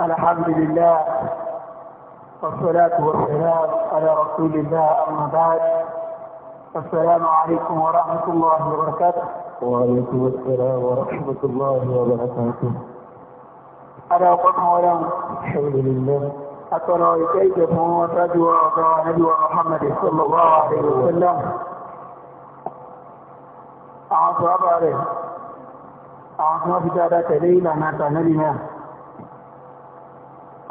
الحمد لله والصلاة والسلام على رسول الله أما بعد السلام عليكم ورحمة الله وبركاته وعليكم السلام ورحمة الله وبركاته أنا أقوم ولو الحمد لله أترى كيف هو تدوى نبي محمد صلى الله عليه وسلم أعطى عليه أعطى بدارة ليلة ما تنبي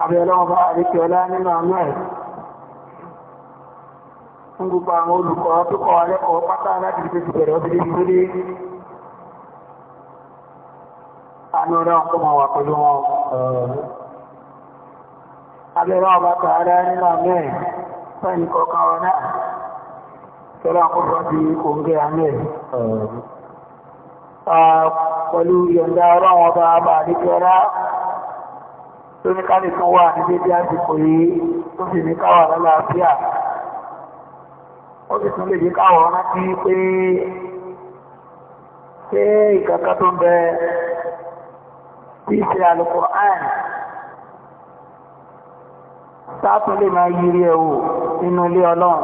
abẹ́lọ́wọ́ bá àríkẹ́ ọlá nínú àánú ẹ̀ fún gbogbo àwọn olùkọ́ tó kọ́ alẹ́kọ̀ọ́ pátá láti fi ti bẹ̀rẹ̀ ọdún débi lórí àánú rẹ̀ ọkọ̀ mọ̀ wà pẹ̀lú wọn abẹ́lọ́wọ́ fẹ́ni kọ̀ọ̀kan wọn náà tọ́lá kọ́kọ́ ti kòǹgẹ́ àánú ẹ̀ pẹ̀lú yọ̀ǹda ọlọ́wọ́ bá bá àríkẹ́ ọlá tó ní káàlì tó wà ní dédé àsìkò yìí tó sì ní káwà lálàáfíà ó sì tún lè jí káwà rántí pé ṣé ìkàkà tó ń bẹ tí ṣe Al-Qur'an sáàtún lè máa yiri ẹ̀wò nínú ilé ọlọ́run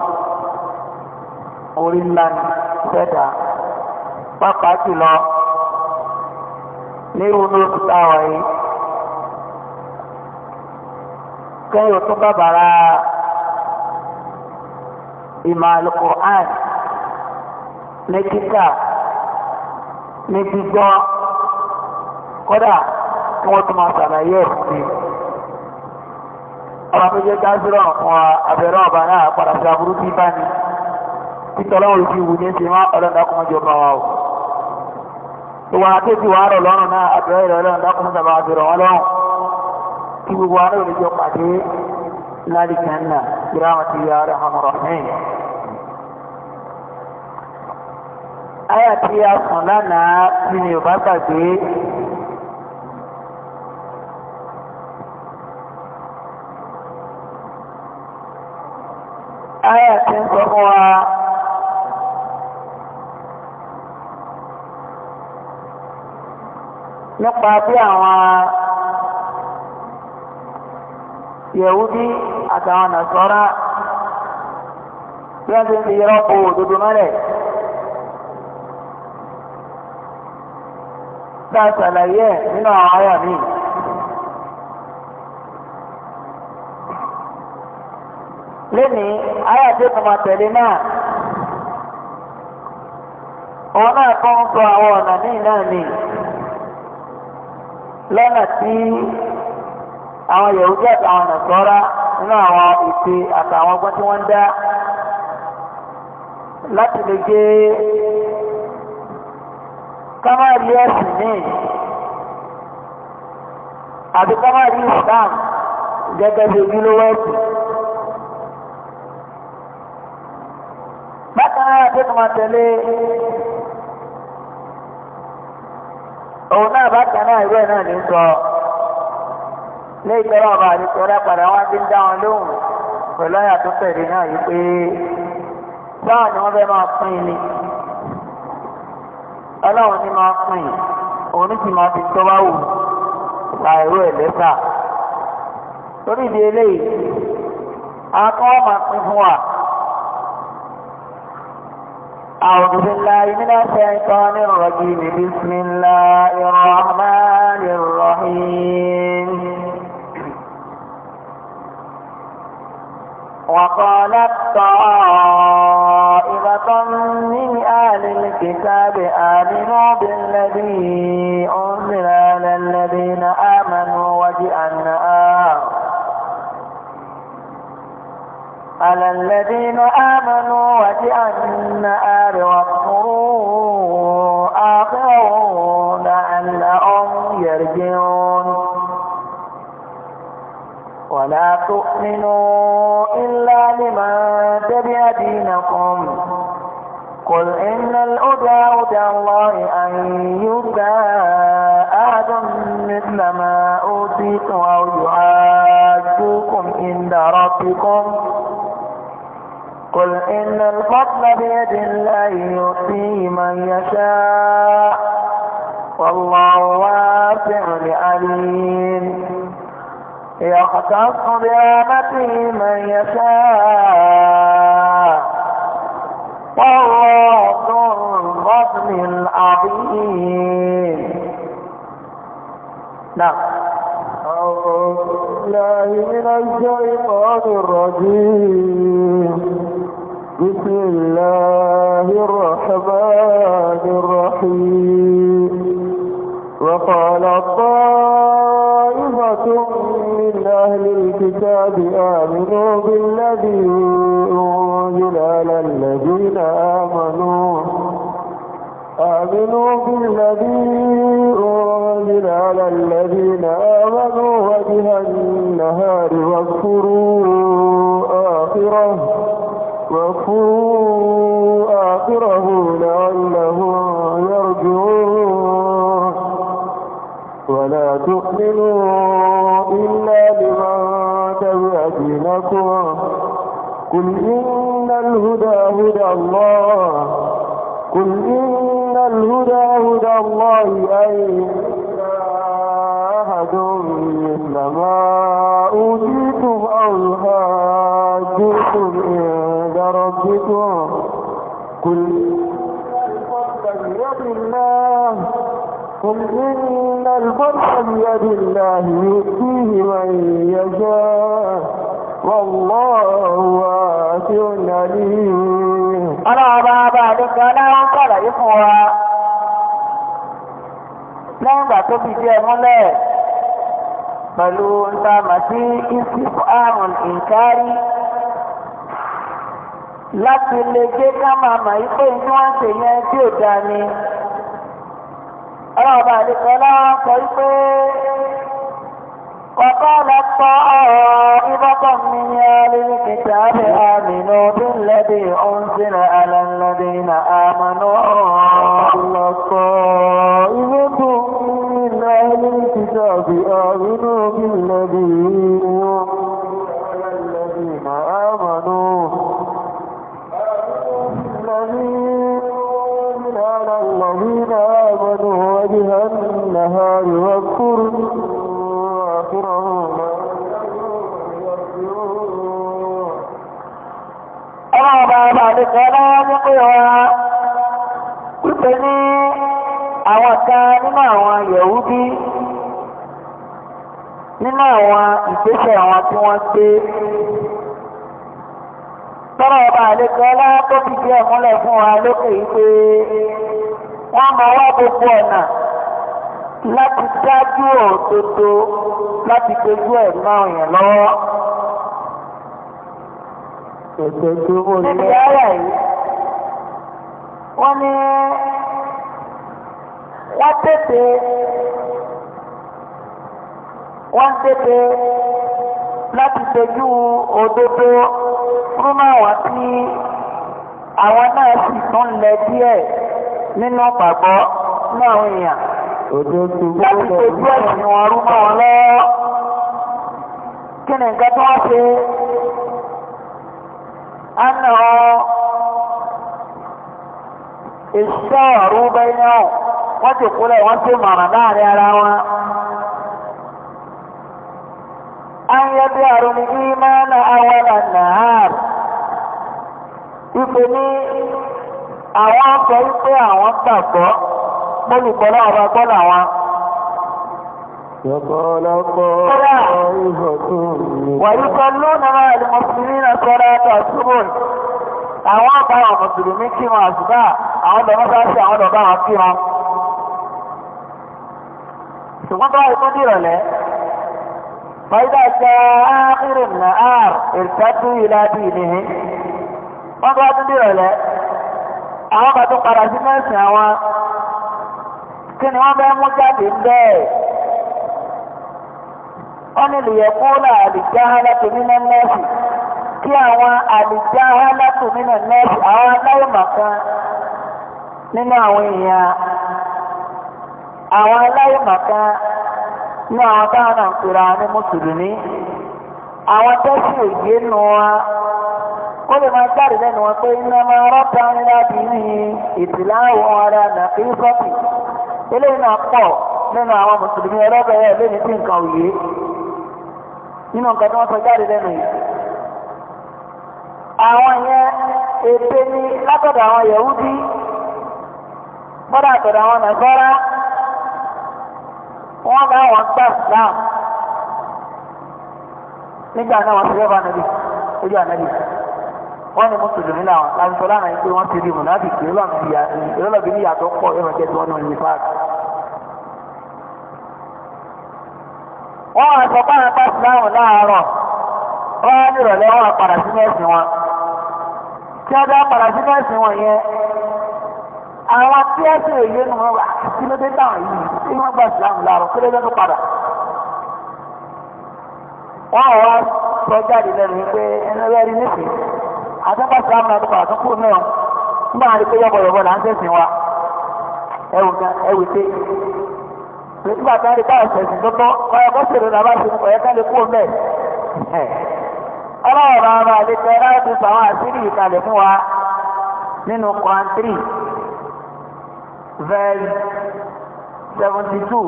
orí ńlá fẹ́dà pápá jùlọ ní ìrònú òkúta wáyé kẹ́yìn tó bá bàrà ìmọ̀ alukur'an ní kíkà ní gbígbọ́ kódà kí wọ́n tún máa ṣàlàyé ẹ̀sìn mi. ọba tó jẹ́ dáńsírọ̀ fún abẹ́rẹ́ ọba náà padà sí aburú bí bá ní títọ́lọ́wọ́ ìfi wù ní ṣe máa ọlọ́dà kọ́mọ́ jọ bá wa o. ìwà àti ìwà àrọ̀ lọ́rùn náà abẹ́rẹ́ ìrọ̀lẹ́ ọ̀dà kọ́mọ́ sábà àbẹ̀rẹ̀ kí gbogbo ara yóò jọ pàdé láti jẹ́nà ìráwọ̀tí yàrá ọmọrọ̀ mẹ́rin. Ayà tí a sùn lánàá tí mi ò gbàgbé Ayà tí ń sọ fún wa nípa bí àwọn yẹ̀wúdí àtàwọn nàṣọ́ra bí wọ́n ti ń fi rọ́pò òdodo mọ́lẹ̀. Tá a ṣàlàyé ẹ̀ nínú àwọn àyà mi. Lénìí, àyà tí naa. máa tẹ̀lé na àwọn yahudi àtàwọn nàṣọ́ra nínú àwọn ìpè àtàwọn ọgbọ́n tí wọ́n dá láti lè gé kámárì ẹ̀sìn míì àti kámárì Islam gẹ́gẹ́ bí ojúlówó ẹ̀sìn. bákan náà tó máa tẹ̀lé òun náà bákan náà ìwé ní ìtọ́rọ̀ ọba àdìsọ ọlọ́pàá wọn ti ń dá wọn lóhùn pẹ̀lú ọ̀yà tó tẹ̀lé náà yìí pé sáà ni wọ́n fẹ́ máa pín in ni ọlọ́run ni máa pín in òun ní máa fi tó bá wù láìró ẹ̀ lẹ́sà torí ìdí eléyìí akọ́ máa pín fún wa. أعوذ بالله من الشيطان الرجيم بسم الله الرحمن الرحيم وقالت طائفة من أهل الكتاب آمنوا بالذي أنزل على الذين آمنوا وجه النهار على الذين آمنوا وجه النهار واكفروا آخره لعلهم يرجعون ولا تؤمنوا إلا لمن تبع دينكم قل إن الهدى هدى الله أن يؤتى أحد مثل ما أوتيت أو يعاجوكم عند ربكم قل إن الفضل بيد الله يؤتيه من يشاء والله واسع عليم يختص برحمته من يشاء والله ذو الفضل العظيم نعم أعوذ من الشيطان الرجيم بسم الله الرحمن الرحيم وقال الله من أهل الكتاب آمنوا بالذي أنزل على الذين آمنوا آمنوا بالذي أنزل على الذين آمنوا وجه النهار واذكروا آخره واذكروا آخره لعلهم يرجعون ولا تؤمنوا إلا بمن تبع دينكم قل إن الهدى هدى الله قل إن الهدى هدى الله أي أحد مثل ما أوتيتم أو حاجتم عند ربكم قل إن الفضل بيد الله قل إن الفضل بيد الله يؤتيه من يشاء والله واسع عليم أنا بابا لك أنا أنقل إخوة لما تبدي ملك pẹ̀lú ń ta mà sí ìsìnkú láti lè gbé ká máa mà yí pé ní tí ò dá ni ọlọ́ọ̀bá àdìpẹ́ láwọn sọ wípé وقال طائفة من أهل الكتاب آمنوا بالذي أنزل على الذين آمنوا وقال طائفة من أهل الكتاب آمنوا بالذي على الذين آمنوا الذين الذين آمنوا وجه النهار واكفروا آخره Ọba ọba nìkan náà mú pé wa wípé ní àwọn kan nínú àwọn Yẹ̀húdí nínú àwọn ìgbésẹ̀ àwọn tí wọ́n gbé tọ́rọ ọba àlejò ọlá tó fi díẹ̀ múlẹ̀ fún wa lókè yìí pé wọ́n máa wá gbogbo ọ̀nà láti dájú òdodo láti dojú ẹ̀ náà yẹn lọ́wọ́. Òdodo ó lé. Níbi ara yìí, wọ́n ní wọ́n tètè wọ́n tètè láti dojú òdodo fún àwọn tí àwọn náà sì tún lẹ díẹ̀ nínú pàgbọ́ náà àwọn èèyàn láti tòjú ẹ̀sìn wọn rú mọ́ wọn lọ́wọ́ kí ni nǹkan tí wọ́n ṣe ana ìṣàrú bẹ́yìn náà wọ́n ti kúlẹ̀ wọ́n ti mọ̀ràn láàrin ara wọn. an yabi arun imana awalan nahar ipe ni àwọn sọ wípé àwọn gbàgbọ́ gbólùkọ́ náà bá gbọ́ làwọn. Kódà wàyí kan lónìí máa lè mùsùlùmí náà sọ́ra ẹ̀ka ṣubú. Àwọn ọba àwọn mùsùlùmí kí wọn àṣùbà àwọn lọ́mọ́sáṣí àwọn Wọ́n bá tún dìrọ̀lẹ́. àwọn ga padà sí mẹ́sìn àwọn kí ni wọ́n fẹ́ mú jáde ń bẹ́ẹ̀ wọ́n ní lìyẹ̀kú náà àlìjáhálà tó nínú nẹ́ẹ̀sì kí àwọn àlìjáhálà tó nínú nẹ́ẹ̀sì àwọn aláìmọ̀ kan nínú àwọn èèyàn àwọn aláìmọ̀ kan ní àwọn táwọn náà ń pèrè àwọn ní mùsùlùmí àwọn wọ́n ma máa jáde wọn pé iná máa rọ́bà ńlá bí ní ìtìláwọ̀ ara nàkí eléyìí náà pọ̀ nínú àwọn mùsùlùmí ẹlọ́bẹ̀ lẹ́ni tí nǹkan òye nínú nǹkan tí wọ́n sọ jáde lẹ́nu yìí. àwọn yẹn ète ni látọ̀dọ̀ àwọn yahudi bọ́dà àtọ̀dọ̀ àwọn nàìjíríà wọ́n bá wọn gbà islam nígbà náà wọ́n ti wọ́n ní mùsùlùmí náà láwùjọ lánàá yìí pé wọ́n ti rí mùnàbìkì ìrọ̀lọ́bí ní ìyàtọ̀ pọ̀ ìrọ̀jẹ̀ tí wọ́n náà yìí fáàkì. wọ́n á sọ báwọn bá síláàmù láàárọ̀ wọ́n á nírọ̀lẹ́ wọn padà sínú ẹ̀sìn wọn. tí wọ́n bá padà sínú ẹ̀sìn wọn yẹn àwọn tí ẹ̀sìn èyí nù wọn kí ló dé táwọn yìí tí wọ́n gbà síláàmù láàárọ̀ kí ló dé tó padà. wọ́n wá sọ jáde lẹ́nu pé ẹni rẹ́rí nífẹ̀ẹ́ àtẹ́kọ̀ọ́ si àmì àdúgbò a náà nígbà wọn di pé yọ̀bọ̀yọ̀bọ̀ là ń sẹ̀sìn wa ẹwù gan ẹwù dé nígbà tí wọn di bá ẹ̀sẹ̀sìn tó tọ́ ọ̀yọ́ kó fún two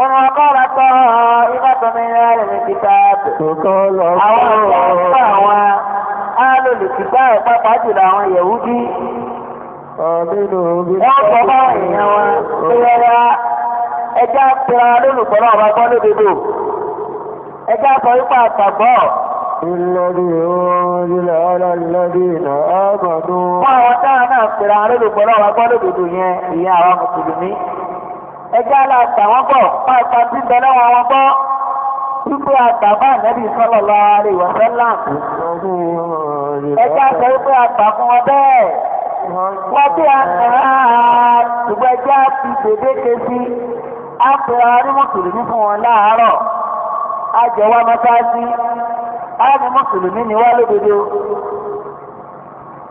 وقال طائفة من أهل الكتاب وقال أهل الكتاب فقد لهم يهودي آمنوا بالله ẹjá tẹ̀ra lólùgbọ́ náà bá gbọ́ lódodo ẹjá sọ ipá àtàgbọ́. Ìlọ́dí oòrùn ilẹ̀ ọlọ́lọ́dí ìnà ágbọ̀dún. Fún àwọn táwọn náà tẹ̀ra lólùgbọ́ náà bá gbọ́ lódodo yẹn ìyẹn àwọn mùsùlùmí. ẹjẹ́ aláàtà bọ̀ pàápàá tí bẹ̀rẹ̀ wọn wọn bọ́ wípé àtàbà nẹ́bí sallallahu alaihi wasallam ẹjẹ́ àtẹ wípé àtà fún wọn bẹ́ẹ̀ wọ́n bí àtàrà ṣùgbọ́n ẹjẹ́ àti gbèdéke sí àpẹẹrẹ arímùsùlùmí fún wọn láàárọ̀ àjẹwà mọ́sáàsì arímùsùlùmí ni wọ́n lódodo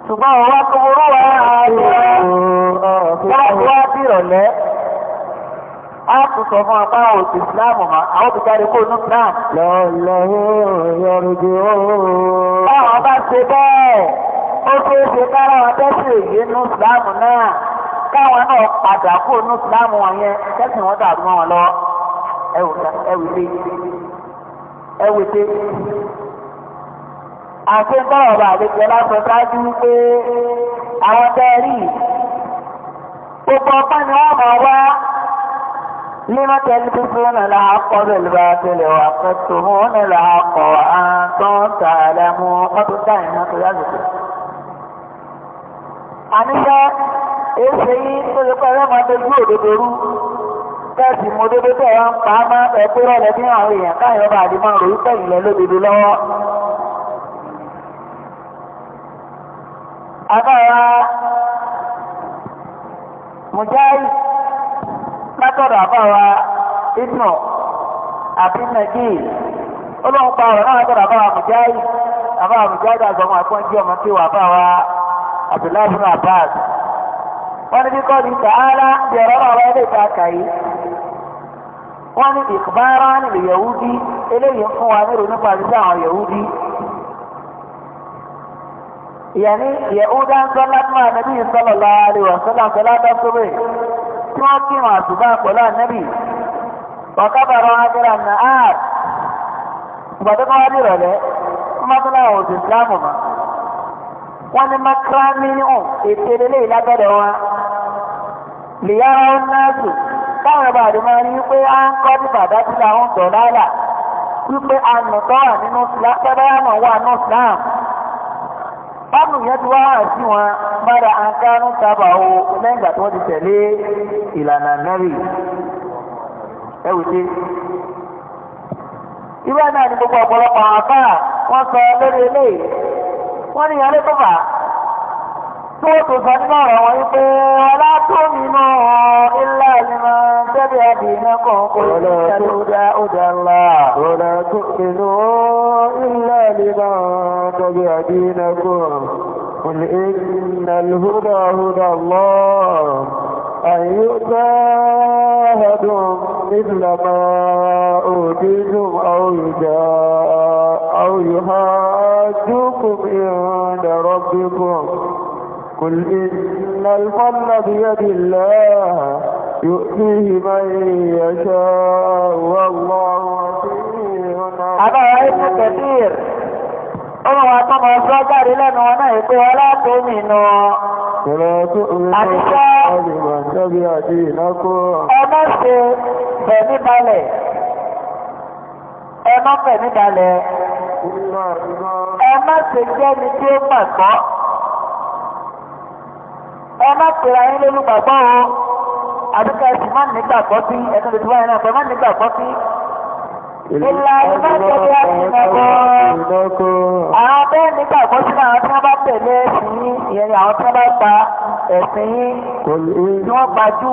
ṣùgbọ́n wọn wá tó wúrú wọn wọ́n wá bí ìrọ̀lẹ́. a kò sọ àwọn ti islam. lọ́lọ́wọ́ yọrùjú ooo. báwọn bá ṣe bẹ́ẹ̀ ó ṣeé ṣe kára wọn tẹ́sí èyí inú isláàmù náà káwọn náà padà kó inú isláàmù wọn yẹn tẹ́sí wọn dàrú wọn lọ ẹwì lé ẹwì lé. àti báwọn bá lè jẹ lásọ ṣáájú pé ni wọ́n máa wá. لما تلبسون الحق بالباطل وتكتمون الحق وأنتم تعلمون قد كان قيامكم àníṣá èsè yìí tó lè pẹ́ lọ́mọ tó gbé òdodo rú tẹ́sì mo dodo tẹ̀ wá ń pa á máa ẹ pé rọ́lẹ̀ bí àwọn èèyàn káyọ̀ bá àdé máa ròyìn pẹ̀lú ilẹ̀ lódodo lọ́wọ́. àbára mujahid látọ̀dọ̀ àbáwa ibnu àbí nàìjí olóhùn pa ọ̀rọ̀ náà látọ̀dọ̀ àbáwa mùjáì àbáwa mùjáì àgbọ̀mọ̀ àpọ́njú ọmọ tí wà báwa abdullahi bin abbas wọ́n ní kíkọ́ ní sàárà bí ọ̀rọ̀ náà wọ́n lè ta kàyí wọ́n ní ìkùbára nílùú yahudi eléyìí ń fún wa nírò nípa àti sáwọn yahudi ìyẹn ní yahudan sọlá tó nàbí sallallahu alaihi wasallam sọlá tó sọ́bẹ̀ tí wọ́n kírun àsùbá pẹ̀lú ànábì ọ̀kábàrọ̀ abẹ́rẹ́ àná áàp ìgbà tó máa dì rọ̀lẹ́ wọ́n máa tó láwọn òsì ìsìlámù mọ́ wọ́n ní makra mílíọ̀n ètò eléyìí lábẹ́rẹ́ wọn lìyàrá ó náà sùn táwọn ọba àdìmọ́ rí pé à ń kọ́ nípa àdájú làwọn sọ̀ láàlà wípé ànùtọ́ wà nínú ìsìlámù báàmù yẹn ti wá hàn sí wọn mọ́ra àǹkárú tábà o lẹ́yìn ìgbà tí ti tẹ̀lé ìlànà mẹ́rì ẹ wò dé. irú náà ni gbogbo ọ̀pọ̀lọpọ̀ àbá sọ lórí eléyìí ní tó tó sọ nínú ọ̀rọ̀ wọn yìí pé ọlá tó mi nù ilé ìlú tẹ́bi ẹ̀bì iná kan kò lè tẹ́lẹ̀ ó dá ó dá ńlá. ọ̀rọ̀ tó mi iná kan قل إن الهدى هدى الله أن يؤتى أحد مثل ما قل إن الفضل بيد الله يؤتيه من يشاء والله Àbá ẹ̀kù kẹfìr, ọmọ wa tó mọ̀ sọ jáde lẹ́nu ọ̀nà ìpé ọlọ́pẹ́ mi nù. Àtijọ́ ọmọ ṣe bẹ̀mí balẹ̀, ẹmọ́ bẹ̀mí balẹ̀, ẹmọ́ ṣe jẹ́ ni tí ó pàtọ́ ẹ má pera yín lólùgbàgbọ́ o àdúgbò ẹ sì má nígbàgbọ́ sí ẹ̀sùn tuntun báyìí náà pé má nígbàgbọ́ sí. ìlà ìbáṣepọ̀ àtìmọ̀kọ́ àwọn bẹ́ẹ̀ nígbàgbọ́ sínú àwọn tí wọ́n bá tẹ̀lé ẹ̀sìn yín ìyẹn ni àwọn tí wọ́n bá gba ẹ̀sìn yín tí wọ́n gba jù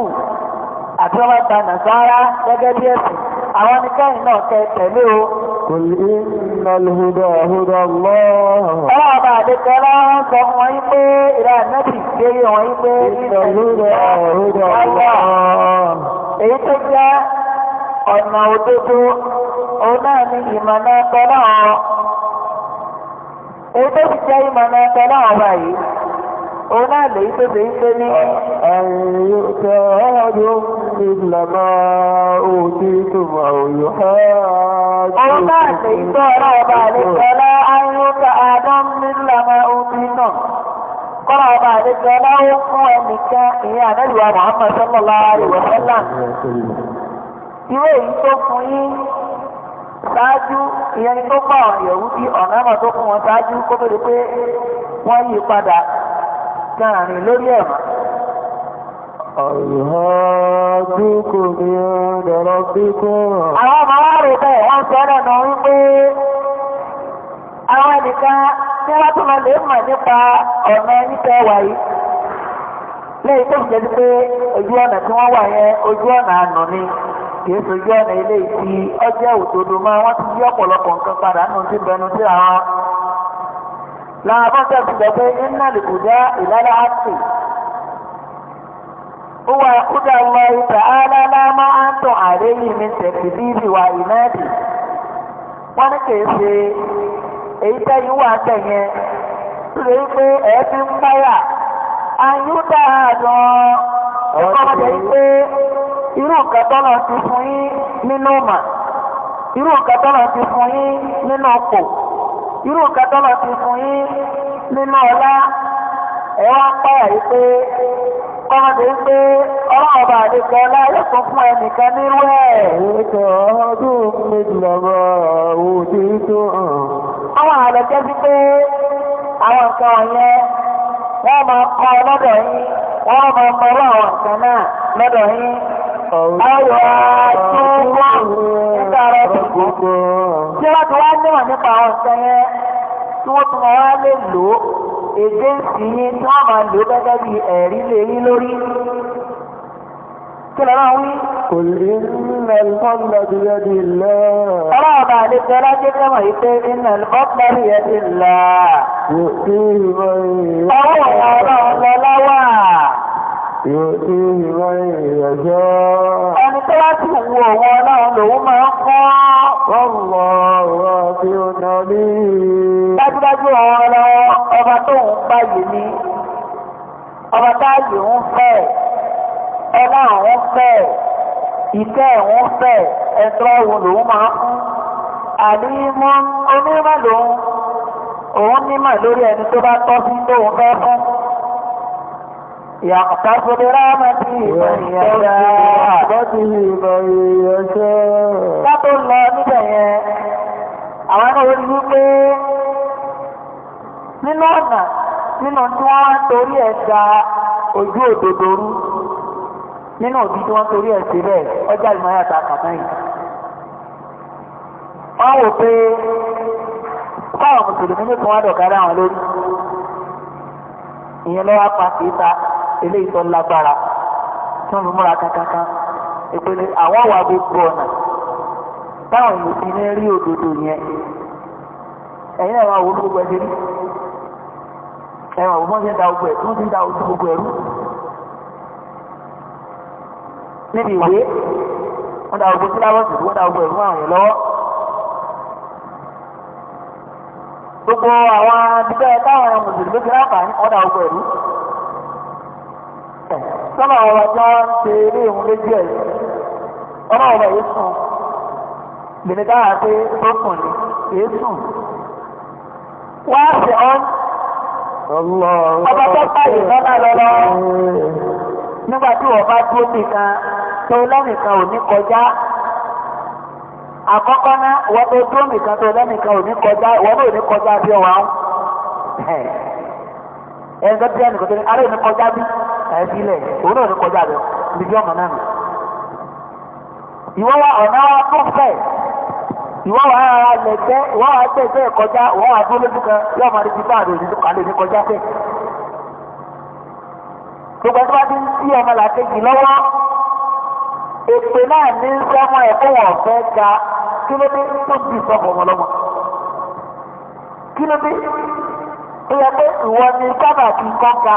àti wọ́n bá gba nàìjíríà gẹ́gẹ́ bí ẹ̀sìn àwọn oníkẹ́yìn náà tẹ̀lé o. قل إن الهدى هدى الله ọlọ́ọ̀bà àdékẹ́ láwọn sọ fún wọn pé ìrà nẹ́bì kéré wọn pé ìrìnlẹ̀ ọ̀rọ̀dọ̀ ọ̀rọ̀ èyí tó jẹ́ ọ̀nà òdodo òun náà ni ìmọ̀nà ẹ̀tọ́ náà èyí tó ti jẹ́ ìmọ̀nà ẹ̀tọ́ náà wà yìí òun náà lèyí tó ṣe ń pé ní ẹ̀yìn tẹ ọ́ọ́dún ìlànà òdì ìtumọ̀ òyò òun náà lèyí tó ọ̀rọ̀ ọba àlejọ́lá ayélujára àdán nílànà òdì náà kọ́lá ọba àlejọ́lá ó fún ẹnìkan ìyẹn àdẹ́lùwà Muhammad sallallahu alaihi wasallam ìwé èyí tó fún yín ṣáájú ìyẹn tó bá ọ̀rọ̀ yẹ̀wú bí tó fún wọn ṣáájú kó tó di pé wọ́n yí padà láàrin lórí ẹ̀mà ọ̀rọ̀dúkù ní ọ̀dọ̀rọ̀ pípọ̀ àwọn ọmọ wá rò bẹ́ẹ̀ wọ́n sọ ọ̀nà wípé àwọn ojú ọ̀nà ilé ìfi ọjọ́ máa wọ́n ti yí ọ̀pọ̀lọpọ̀ nǹkan padà nù sí láàbọ̀ tẹ̀sí sọ pé iná lùkùdá ìlànà àti huwa huda ta'ala la ma antum alayhi min takdhibi wa inadi wọ́n ní kìí ṣe èyí tẹ́yìn wà ń tẹ̀yẹn tó pé ẹ̀ẹ́dì ń báyà yìí pé irú nǹkan tọ́lọ̀ ti fún yín nínú mà irú irú kẹtọ́lọ̀ ti fún yín nínú ọlá ẹ wá pààyà yìí pé kọ́mọdé ń pé ọlọ́run bá àdé kan láyé kan fún ẹnìkan nírú ẹ̀. ètò ọdún méjìlá bọ̀ òdì tó hàn. àwọn àlọ́ jẹ́ sí pé àwọn nǹkan wọ̀nyẹn wọ́n máa kọ́ lọ́dọ̀ yín wọ́n máa mọ ọlọ́run nǹkan náà lọ́dọ̀ yín. Àwọ̀ àtúwọ́ nípa rẹ̀ tòkó. Tí wọ́n ti wá níwọ̀n nípa àwọn ọ̀sẹ̀ yẹn, di lọ. Ọlọ́ ọ̀bà àlejò ọlọ́jẹ́ mẹ́wọ̀n yìí pé nínú ẹ̀lọ́pọ̀lọ́ bí ẹ di lọ. ọ̀rọ̀ ọ̀lọ́wà. Yòtíhì lọ́yìn ìrẹ̀jọ́. Ẹni tó bá ti wù ọ̀wọ́ náà lòun máa ń kọ́. Lọ́lọ́ ọ̀rọ̀ tí ó nà ní. Dájúdájú ọ̀rọ̀ lọ, ọba tó ń gbàyè ni. Ọba táàyè ń fẹ́, ọlá òun fẹ́, ìtẹ́ òun fẹ́, ẹ̀tọ́ òun lòun máa ń fún. Àlímọ́ onímọ̀ lòun, òun nímọ̀ lórí ẹni tó bá tọ́ sí tóun fẹ́ fún. يختص برحمته من يشاء látò lọ níbẹ̀ yẹn àwọn náà rí wípé nínú ọ̀nà nínú tí wọ́n wá ń torí ẹ̀ da ojú òdodo rú nínú òbí tí wọ́n torí ẹ̀ sí bẹ́ẹ̀ ọjà ìmọ̀ràn àti àkàtà yìí. wọ́n wò pé káwọn mùsùlùmí nìkan wá dọ̀kadà àwọn lórí ìyẹn lọ́wọ́ pa kìí ta eléyìí tó lágbára tí wọ́n fi múra kákáká ìpele àwọn wà gbogbo ọ̀nà táwọn èèyàn ti ní rí òdodo yẹn ẹ̀yin ẹ̀wọ̀n àwọn olùgbogbo ẹ̀ṣẹ̀ rí ẹ̀wọ̀n àwọn ọmọdé ń da ogun tí wọ́n ti ń da ojú gbogbo ẹ̀rú níbi ìwé wọ́n da ogun sílábọ̀sì wọ́n da ogun ẹ̀rú àwọn èèyàn lọ́wọ́ gbogbo àwọn abidjan táwọn mùsùlùmí ti ráǹfà ní ọ̀dà ogun ẹ̀rú sọ́nà ọ̀rọ̀ bá ṣe eré ìhun lójú ẹ̀ ọ̀nà ọ̀rọ̀ yìí sùn lèmi dáhà pé ó sùn ni èé sùn. wá ṣe ọ́n ọba tó báyìí lọ́nà lọ́lọ́ nígbà tí wọ́n bá dúró nìkan tó lẹ́nìkan ò ní kọjá àkọ́kọ́ náà wọ́n tó dúró nìkan tó lẹ́nìkan ò ní kọjá wọ́n náà ò ní kọjá bí ọ̀wá ń ẹ̀ẹ́dẹ́gbẹ́ nìkan tó ní alẹ́ ò ní kọjá bí kà ẹ́ sílẹ̀ òun náà ló kọjá lọ níbi ọ̀nà náà nù. ìwọ wa ọ̀nà wa tó fẹ̀ ìwọ wa ara lẹ̀ tẹ́ ìwọ wa gbé ìfẹ́ kọjá ìwọ wa dúró lójú kan yóò máa retí báàdì òṣìṣẹ́ kàlẹ́ ní kọjá fẹ́. gbogbo ẹni bá ti ń tí ọmọ làkejì lọ́wọ́ èpè náà ní sọ́mọ ẹ̀kọ́ wọ̀ fẹ́ ga kí ló dé tó bí sọ́mọ ọmọlọ́mọ kí ló dé ó yẹ pé ìwọ ni sábà kí kọ́ ga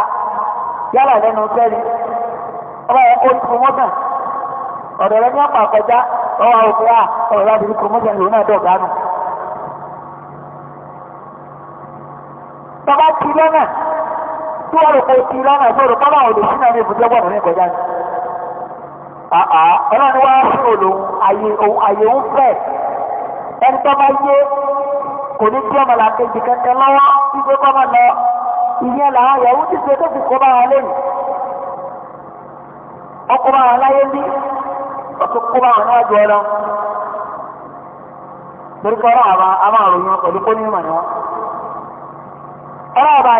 yálà lẹ́nu sẹ́ni ọba yẹn kó promotion ọ̀dọ̀ rẹ ní ọ̀pá àkọjá ọwọ́ òkè à ah, ọ̀rọ̀ láti rí promotion lòun náà dọ̀gá nù. tọ́ba ti lọ́nà tí wọ́n rò pé ti lọ́nà tó rò pápá òde sínú ẹni ibùdó ọgbọ́n ní ìkọjá ni. ọlọ́run wá sí òòlù àyè ń fẹ́ ẹni tọ́ba yé kò ní tí ọmọ làkejì kankan lọ́wọ́ tí gbé kọ́ ìyẹn làwọn yahoo ti ṣe tó fi kó bá wa lónìí ọkọ bá wa láyé ní ọtún kó bá wa níwájú ọ lọ torí pé ọlọ́wọ́ àwọn àròyìn wọn pẹ̀lú kó ní ìmọ̀ ni wọn. ọlọ́wọ́ bá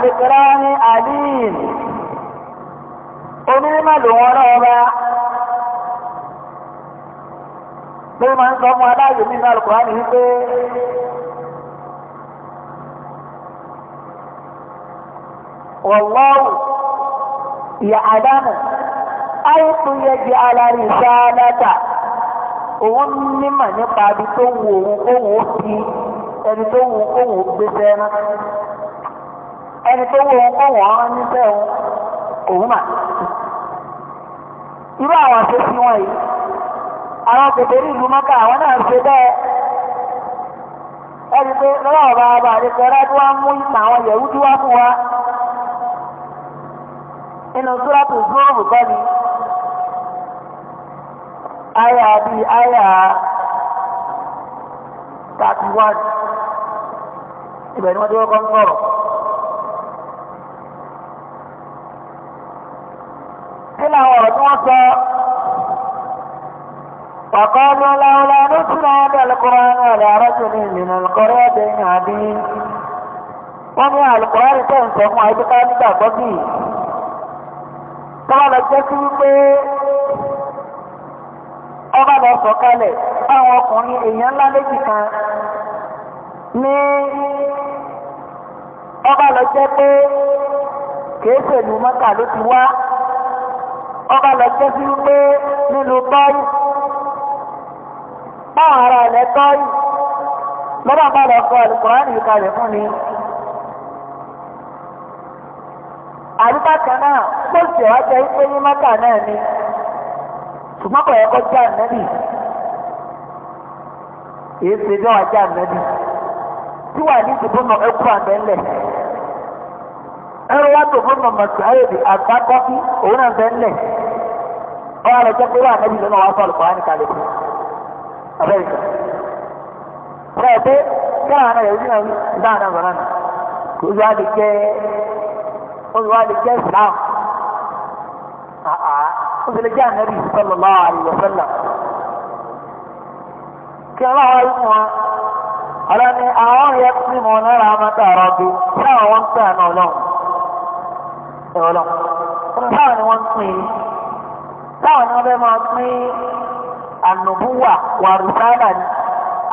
ní àdín onímọ̀ lòun wípé. والله يعلم ya Adamu, رسالته òun nímọ̀ nípa ibi tó wù òun kóhùn ẹni tó wù kóhùn ó gbé ẹni tó wù òun òun mà. irú àwọn àṣeṣí wọn yìí àwọn kòtèrè ìlú àwọn náà ṣe bẹ́ẹ̀ ẹni lọ́wọ́ bá bá àdékọ́ rádúwá mú ìtàn àwọn yẹ̀wú nínú súrátù zúrù kọ́ ni àyà bí àyà thirty one ibẹ̀ ni wọ́n ti kọ́kọ́ ń sọ̀rọ̀. nínú àwọn ọ̀rọ̀ tí wọ́n sọ وقالوا لولا نزل هذا القرآن على رجل من القرية عظيم wọ́n ní àlùkòrán tẹ̀ ń sọ fún àyíká nígbàgbọ́ bíi tọ́wọ́ lọ jẹ́ sí wípé ọba lọ sọ̀kalẹ̀ báwọn ọkùnrin èèyàn ńlá méjì kan ní ọba lọ jẹ́ pé kèésèlú mọ́ta ló ti wá ọba lọ jẹ́ sí wípé nílùú tọ́yì báwọn ará ilẹ̀ tọ́yì lọ́ba bá lọ sọ àlùkò ránìí kalẹ̀ fún ni. bákan náà tó sì wá jẹ́ pé ní mọ́tà náà ni ṣùgbọ́n kò yẹ kó já nẹ́bì èyí ṣe bí wàá já nẹ́bì tí wàá ní ìdìbò náà ẹkú àbẹ́lẹ̀ ẹrú wá tó fún mọ̀mọ́ sáré di ala òun náà ọ wà pé wàá lọ́nà wàá abẹ́rẹ́ pé olùwà lè jẹ́ islam ó sì lè jẹ́ ànábì sallallahu alaihi wasallam kí ọlọ́wọ́ yìí wọn ọlọ́ni àwọn yẹ kí mo náírà mọ́tà ọ̀rọ̀ bí sáà wọ́n ń pè àná ọlọ́run ẹ̀ ọlọ́run sáà ni wọ́n ń pè é sáà ni wọ́n fẹ́ máa pín ànùbúwà wàrúsálà ni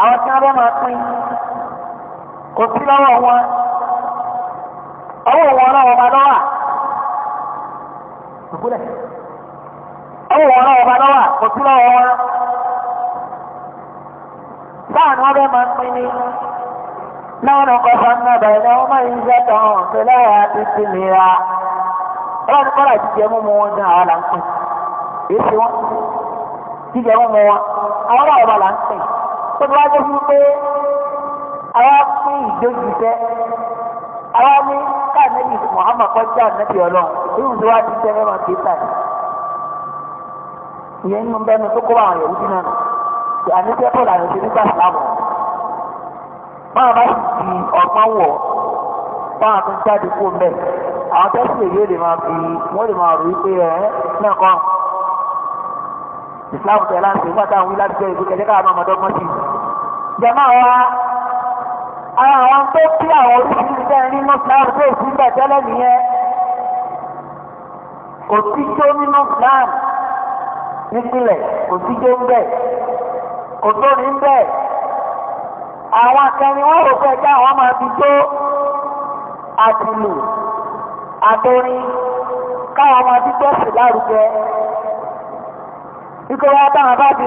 àwọn tí wọ́n fẹ́ máa pín kò sí lọ́wọ́ wọn ọwọ́ wọn náà ọba náà wà ọwọ́ wọn náà ọba náà wà kò tún lọ́wọ́ wọn sáà ni máa ń pín ní náwọn ọkọ̀ fọ́nà bẹ̀rẹ̀ náà wọ́n máa ń yíṣẹ́ tán pẹ̀lẹ́ àti tìlera ọlọ́run kọ́lá jíjẹ mú mu wọn gan àwọn là èyí ṣe wọn jíjẹ mú mu wọn àwọn ọba là tó bá jẹ́ sí pé àwọn pín ìdójútẹ́ àwọn ní Muhammad kọjá ànábì ọlọ́run irú tí wàá ti tẹ́lẹ̀ wọn kì í tà ní. ìyẹn nínú bẹ́ẹ̀ni tó kó àwọn yòówù dín náà ṣe àníṣe bọ́ọ̀lù àrùn ṣe nígbà ìsìlámù. báwọn bá sì di ọgbọ́n wọ̀ báwọn tó jáde kó mbẹ́ àwọn tó sì èyí lè máa fi wọ́n lè máa rò wípé ẹ̀ náà kọ́ tẹ̀ láǹṣẹ̀ nígbà táwọn wí láti jẹ́ ìgbékẹ̀jẹ́ káwọn ọmọdé ọgbọ́n sí i. jẹ́ máa wá ara àwọn tó kí àwọn oríṣiríṣi nínú Islam tó sí bẹ̀ nìyẹn kò sí jó nínú Islam nípìnlẹ̀ kò sí jó ń bẹ̀ kò tó ní bẹ̀ àwọn akẹrin wọn rò pé ká àwọn máa fi jó àtìlù àtòrin káwọn máa fi lárugẹ nítorí bá ti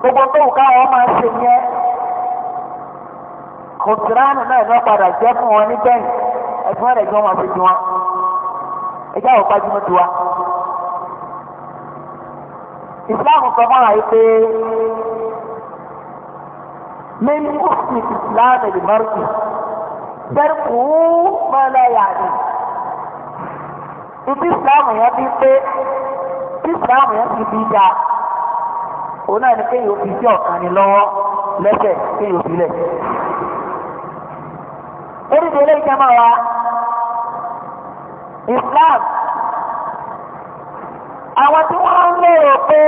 gbogbo tóun káwọn máa ṣe yẹn kòtìránù náà ní padà jẹ́ fún wọn nígbẹ̀yìn ẹ̀sùn ẹ̀rẹ̀ jọ wọn fi ju wọn ẹjẹ́ àwọn gbajúmọ̀ tiwa. ìsìláàmù sọ fún àyè pé mímú òsì ìsìláàmù ìdìmọ́rìkì sẹ́rìkù mọ́lẹ̀ yàrá ibi ìsìláàmù yẹn fi pé ibi ìsìláàmù yẹn fi bí dáa òun náà ni kéèyàn fi sí ọ̀kan ni lọ́wọ́ lẹ́sẹ̀ kéèyàn fi lẹ̀. oríṣi ilé iṣẹ́ wa Islam àwọn tí wọ́n ń lérò pé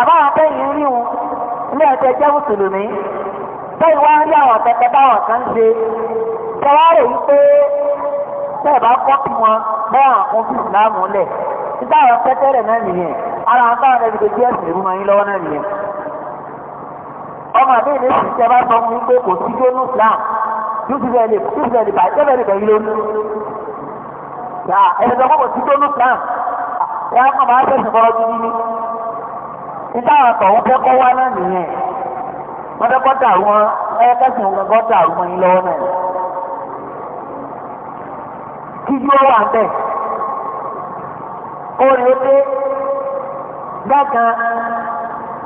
àbáwọn tẹ́yìn rí wọn ní ẹ̀jẹ̀ jẹ́ mùsùlùmí tẹ́yìn wá rí àwọn tẹ́tẹ́ báwọn kan ṣe tẹ́wárò yìí pé tẹ́ẹ̀ bá kọ́pì wọn bẹ́ẹ̀ àwọn fún Islam lẹ̀ nígbà àwọn tẹ́tẹ́ rẹ̀ náà nìyẹn ara àwọn táwọn ẹni gbèjì ẹ̀sìn ìrúmọ yín lọ́wọ́ náà nìyẹn ọmọ àbí ìlú sì tẹ bá sọ fún yín pé kò sí jónú Islam yóò ti bẹ̀rẹ̀ yóò ti bẹ̀rẹ̀ báyìí tẹ́lẹ̀ bẹ̀rẹ̀ yín lónìí yà ẹni sọ fún kò sí jónú Islam ẹ á kàn máa tẹ̀sí fọlọ́ ju yín ní níta àwọn àtọ̀wọ́ fẹ́ kọ́ wá náà nìyẹn wọ́n fẹ́ kọ́ wọn ẹ kẹ́sìn wọn kọ́ wọn yín lọ́wọ́ náà kíjú ọwọ́ àbẹ̀ kó rí ó dé gbàgán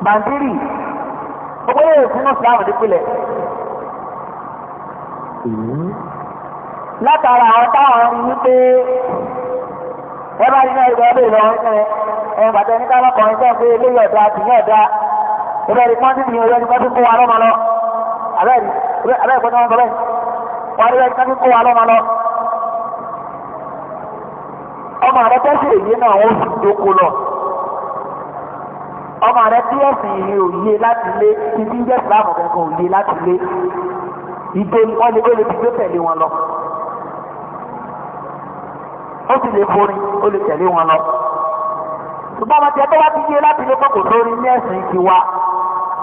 bàǹtírì ọgbọ́n yóò fún mọ́sílámù nípìnlẹ̀. látara àwọn táwọn ń wí pé ẹ bá ní ẹgbẹ́ ọdún ìlọ ọ̀hún ẹ ẹ bàtẹ ní káwọn kọrin sọ pé eléyìí ọ̀dà àti ní ọ̀dà ìbẹ̀rẹ̀ ní pọ́ńtì ní ọjọ́ ní pọ́ńtì kó wa lọ́mọ lọ abẹ́rẹ́ abẹ́rẹ́ ìpọ́ńtì wọn sọ bẹ́ẹ̀ wọ́n rí ẹni pọ́ńtì kó wa lọ́mọ lọ. ọmọ àrẹ tẹ́sí èyí náà wọ́n fi dóko lọ ọmọ rẹ tí ẹ̀sìn ìrìn òye láti lé ti bí jẹ́ ìsìlámù kankan òye láti lé ìgbé wọn lè ó lè fi gbé tẹ̀lé wọn lọ ó sì lè forin ó lè tẹ̀lé wọn lọ ṣùgbọ́n ọmọ tiẹ̀ tó wá ti yé láti lé kókò lórí ní ẹ̀sìn tiwa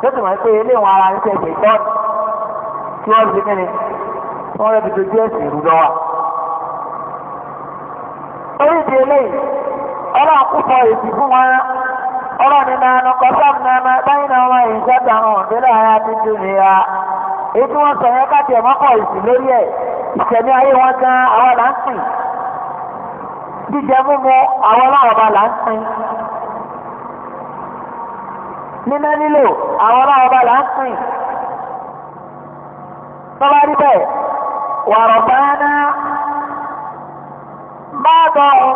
tó sì mọ̀ pé ilé wọn ara ń tẹ̀sẹ̀ ìtọ́ni tí wọ́n ti kíni tí wọ́n rẹ̀ fi dojú ẹ̀sìn ìrù lọ́wọ́ orí ìdí eléyìí ọlọ́run èsì fún wọn ọlọ́ni máa nu kọ́sọ́m náà máa báyìí náà wọ́n yìí sẹ́tàrún ìdílé ara ti dùn ní ya ètò wọn sọ̀yẹ́ káàkiri ẹ̀mọ́kọ̀ ìsìn lórí ẹ̀ ìṣẹ̀mí ayé wọn gan àwọn là ń pìn jíjẹ mímu àwọn ọlọ́ọ̀ba là ń pin níná nílò àwọn ọlọ́ọ̀ba là ń pin tọ́lá rí bẹ́ẹ̀ wàrọ̀ bá ná má dọ̀ọ́.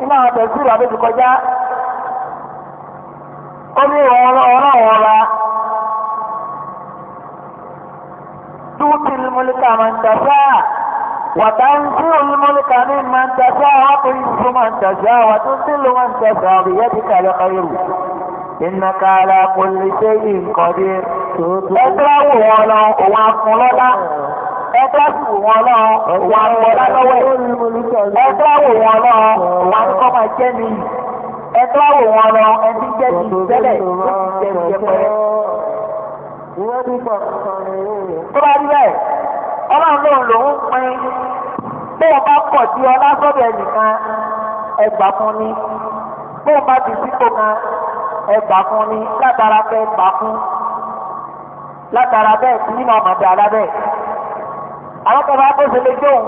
nínú àwọn tẹ̀síìrì àbẹ́jù kọjá ó ní ọ̀rọ̀ ọ̀la tútìlì múlíkà máa ń tẹ̀sá وتنزع الملك ممن تشاء وتعز من تشاء وتذل من تشاء بيدك الخير إنك على كل شيء قدير. Ẹ gbọ́dọ̀ wọ̀ ọ́ lọ, òun á fún lọ́lá. Ẹgbẹ́ sì wò wọn lọ, wà á wọ lálọ́wọ́ ẹ̀. Ẹgbẹ́ wò wọn lọ, wà á kọ́ máa jẹ́ mi. Ẹgbẹ́ wò wọn lọ, ẹbí jẹ́ ti tẹ́lẹ̀, ó ti jẹ́ ti ẹ̀pẹ́. Tó bá rí bẹ́ẹ̀, ọlọ́run lòun lòun pin. Bí wọ́n bá pọ̀ sí ọ lásọ̀dọ̀ ẹnìkan, ẹgbà fún ni. Bí wọ́n bá ti sípò kan, ẹgbà fún ni. Látara fẹ́ gbà fún. Látara bẹ́ẹ̀ kí nínú ọmọdé alábẹ́ẹ̀ àwọn tó bá bó ṣe lè jóun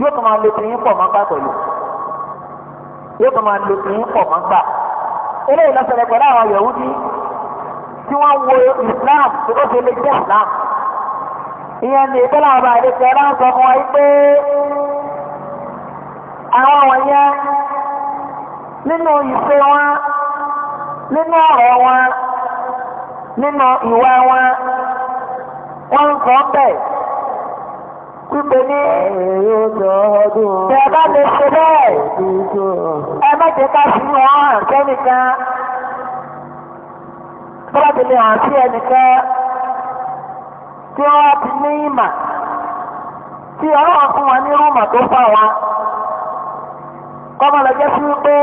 yóò tún máa lo tìyín pọ̀ mọ́ gbà pẹ̀lú yóò tún máa lo tìyín pọ̀ mọ́ gbà eléyìí lọ ṣẹlẹ̀ pẹ̀lú àwọn yahudi tí wọ́n wo islam tó ó ṣe lè jẹ́ islam ìyẹn ní ìtọ́lá ọba àdéṣe ọlọ́sọ fún wa pé àwọn wọ̀nyẹn nínú ìṣe wọn nínú ọ̀rọ̀ wọn nínú ìwà wọn wọ́n ń bẹ́ẹ̀ pípe ní. Ẹ bá lè ṣe bẹ́ẹ̀. Ẹ má jẹ́ ká sí wọn hàn sẹ́nìkan. Bọ́lá ti lè hàn sí ẹnìkan tí wọ́n ti ní ìmà. Tí ọlọ́run fún wa ní rúmà tó fà wá. Kọ́mọ lọ jẹ́ sí pé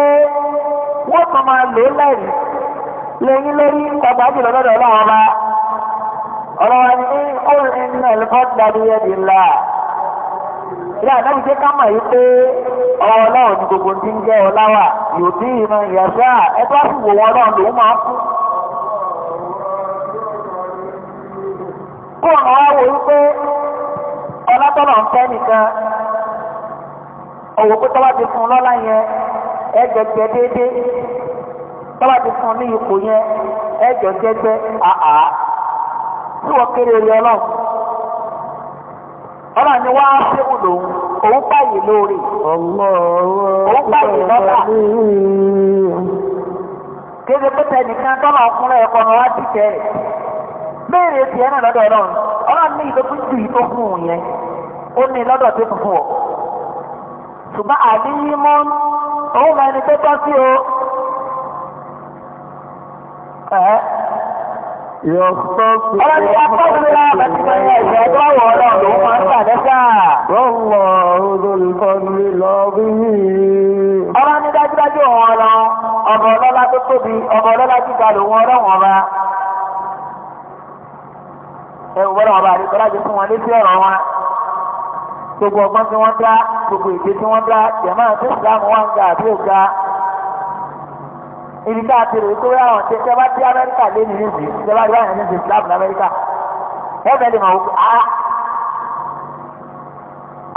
wọ́n kàn máa lè lẹ́yìn lẹ́yìn lórí ọgbà jùlọ lọ́dọ̀ ọlọ́run ọba. Ọlọ́run ní kó ìnà ìlú fọ́ọ̀tì ńlá. ìyá àdáhùn jẹ́ ká mọ̀ yìí pé ọlá òní gbogbo ti ń jẹ́ ọlá wà yóò dín ìmọ̀ ìyàṣá ẹgbẹ́ sì wọn náà lòún máa kú. kó ọ̀nà wò wípé ọlá ń fẹ́ nìkan òwò pé tọ́wá ti fún un yẹn déédéé tọ́wá yẹn àá tí wọ́n kéré ni wá ṣébù lòun òun báyìí lórí òun báyìí lọ́tà kéde pé tẹnìkan tọ́lá ọkùnrin ẹ̀kọ́ ni wá dìtẹ̀ rẹ̀ béèrè tiẹ̀ náà lọ́dọ̀ ọlọ́run ọlọ́run ní ìlú fún ìlú tó fún un yẹn ó ní lọ́dọ̀ tó fún ọ ṣùgbọ́n àdéhìí mọ́ òun mọ ẹni tó tọ́ sí o. Ọlọ́run ti wá pọ̀ sí lára bàtí wọ́n yẹ ìjẹ́ tó wọ̀ ọ́ náà ló máa ń pàdé sáà. Wọ́n wọ olùkọ́ni lọ rí. Ọlọ́run ní dájúdájú òun ọ̀rọ̀ ọ̀bọ ọlọ́lá tó tóbi ọ̀bọ ọlọ́lá gíga lòun ọlọ́run ọba. Ẹ Gbogbo ọgbọ́n tí wọ́n dá, gbogbo ìgbé tí wọ́n dá, jẹ̀máà tó ìsìlámù wá ń ga àbí òga. ibi tá a ti rò kó wọn ṣe ṣe bá dé amẹ́ríkà lé ní níbi ṣe bá rí níbi islam ní amẹ́ríkà ẹ lè mọ̀ wípé a.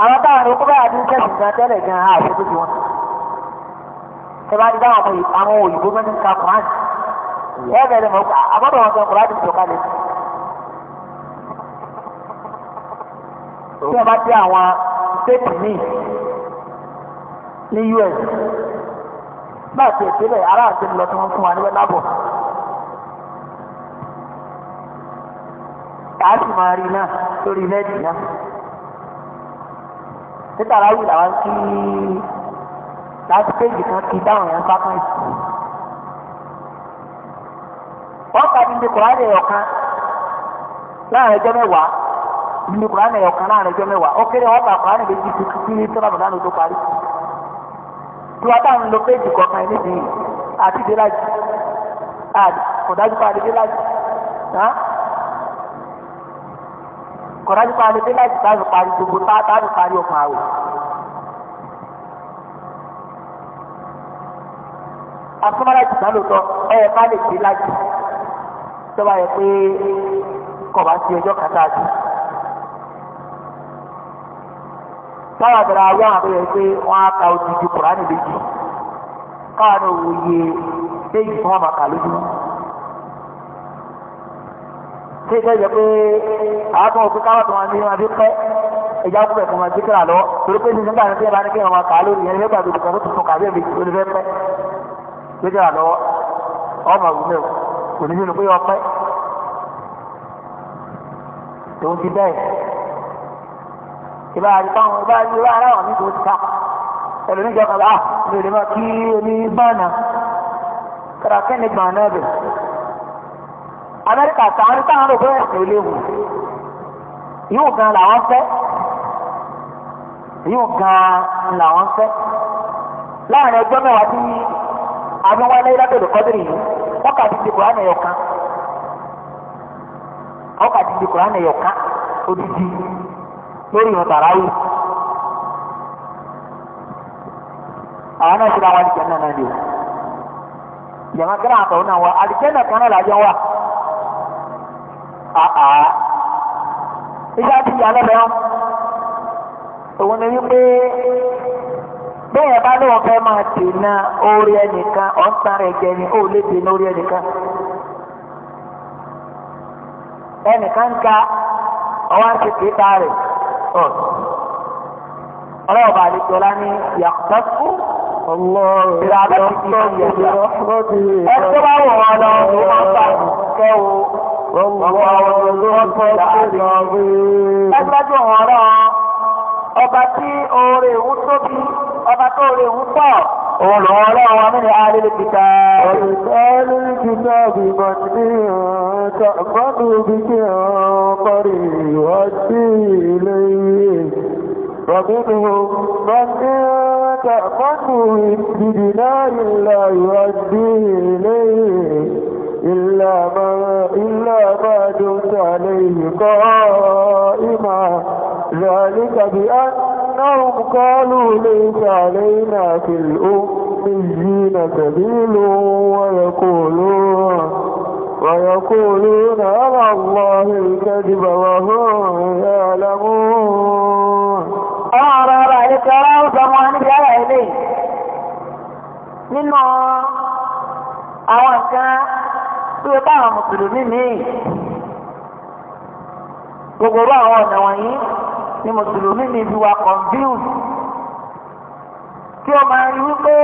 àwọn táwọn ìlú nke ní kẹ́sì gan tẹ́lẹ̀ gan a ṣe tó ti wọn. ṣe bá rí báwọn àwọn òyìnbó mẹ́rin ká kùrán. ẹ lè mọ̀ wípé àbọ̀dọ̀ wọn sọ bá a ti ètò bẹ́ẹ̀ ará àti ìlọ tí wọ́n fún wa níbẹ̀ lábọ̀. Tàá sì máa rí náà lórí Títà làwọn kí láti péjì kan kí dáhùn yẹn sápá ìsìn. Wọ́n ka ní Kùránì ọ̀kan láàrin ọjọ́ mẹ́wàá. Ní ọ̀kan láàrin mẹ́wàá. Ó kéré wọ́n ní tí wọ́n táwọn lo péjì kọ̀ọ̀kan níbi yìí àti ìdílájì àdì kọ̀dájú pa àdìdílájì kọ̀dájú pa àdìdílájì táàbì parí gbogbo táàbì parí òkun àwẹ̀. asọ́mọ́lájì náà ló tọ́ ẹ̀ ká lè dé lájì tó bá yẹ pé kọ̀ọ̀bá sí ọjọ́ kàtàkì. báwa bẹ̀rẹ̀ àwọn àbẹ̀rẹ̀ pé wọ́n á ka odidi kùránì méjì káwọn náà wò yé méjì fún ọmọ kà lójú. ṣé ìṣe ìjẹ́ pé àwọn kan òkú káwọn tó wọn ní wọn fi pẹ́ ẹja kú bẹ̀ fún wọn síkírà lọ torí pé ṣíṣe nígbà tí ẹ bá ní kí wọn máa kà á lórí yẹn nígbà tó ti bẹ́ẹ̀ ìbá àdìpáwọn ìbá ìbá aláwọ̀ mi kò ta ẹlòmí ìjọba bá ah, mi ò lè máa kí omi bánà kàrà kẹ́ni gbà náà bẹ̀. amẹ́ríkà sàárì táwọn rò bẹ́ẹ̀ sí léwu yóò gan làwọn fẹ́ yóò gan làwọn fẹ́ láàrin ẹjọ́ mẹ́wàá tí abíwálé lábẹ́lẹ̀ kọ́dírì yìí wọ́n kà ti di kùránì ẹ̀yọ̀ wọ́n kà ti di kùránì ẹ̀yọ̀ odidi. lórí ìwọ̀n tàràwù. a náà ṣẹlẹ̀ àwọn àdìjẹ́ náà lè jẹ̀mọ́ kíra àtọ̀hún náà wọ àdìjẹ́ náà kan náà lájọ wà. iṣẹ́ ti yà lọ́bẹ̀ wọn. òun ni wípé bẹ́ẹ̀ bá lóun fẹ́ máa dènà o ni shaitan ọlọ́wọ́ bá àlejò ọlá ní yàtọ̀kú ìràbẹ́ ti di ìyẹ̀dọ̀ ẹgbẹ́ bá wọ̀ ọ́ lọ ló ọba tí oore òun tóbi ọba tó oore òun pọ̀. ومن آل الكتاب ومن آل الكتاب من تأمن بشنطر يؤدي إليه ومنهم من تأمنه بدينار لا يؤدي إليه إلا ما إلا ما دمت عليه قائما ذلك بأنهم قالوا ليس علينا في الأميين سبيل ويقولون ويقولون على الله الكذب وهم يعلمون أعرى ذلك رأوا سمعان بها منا nínú àwọn مسلمين tí ó bá ni mùsùlùmí ni fi wà confused tí o máa rí wípé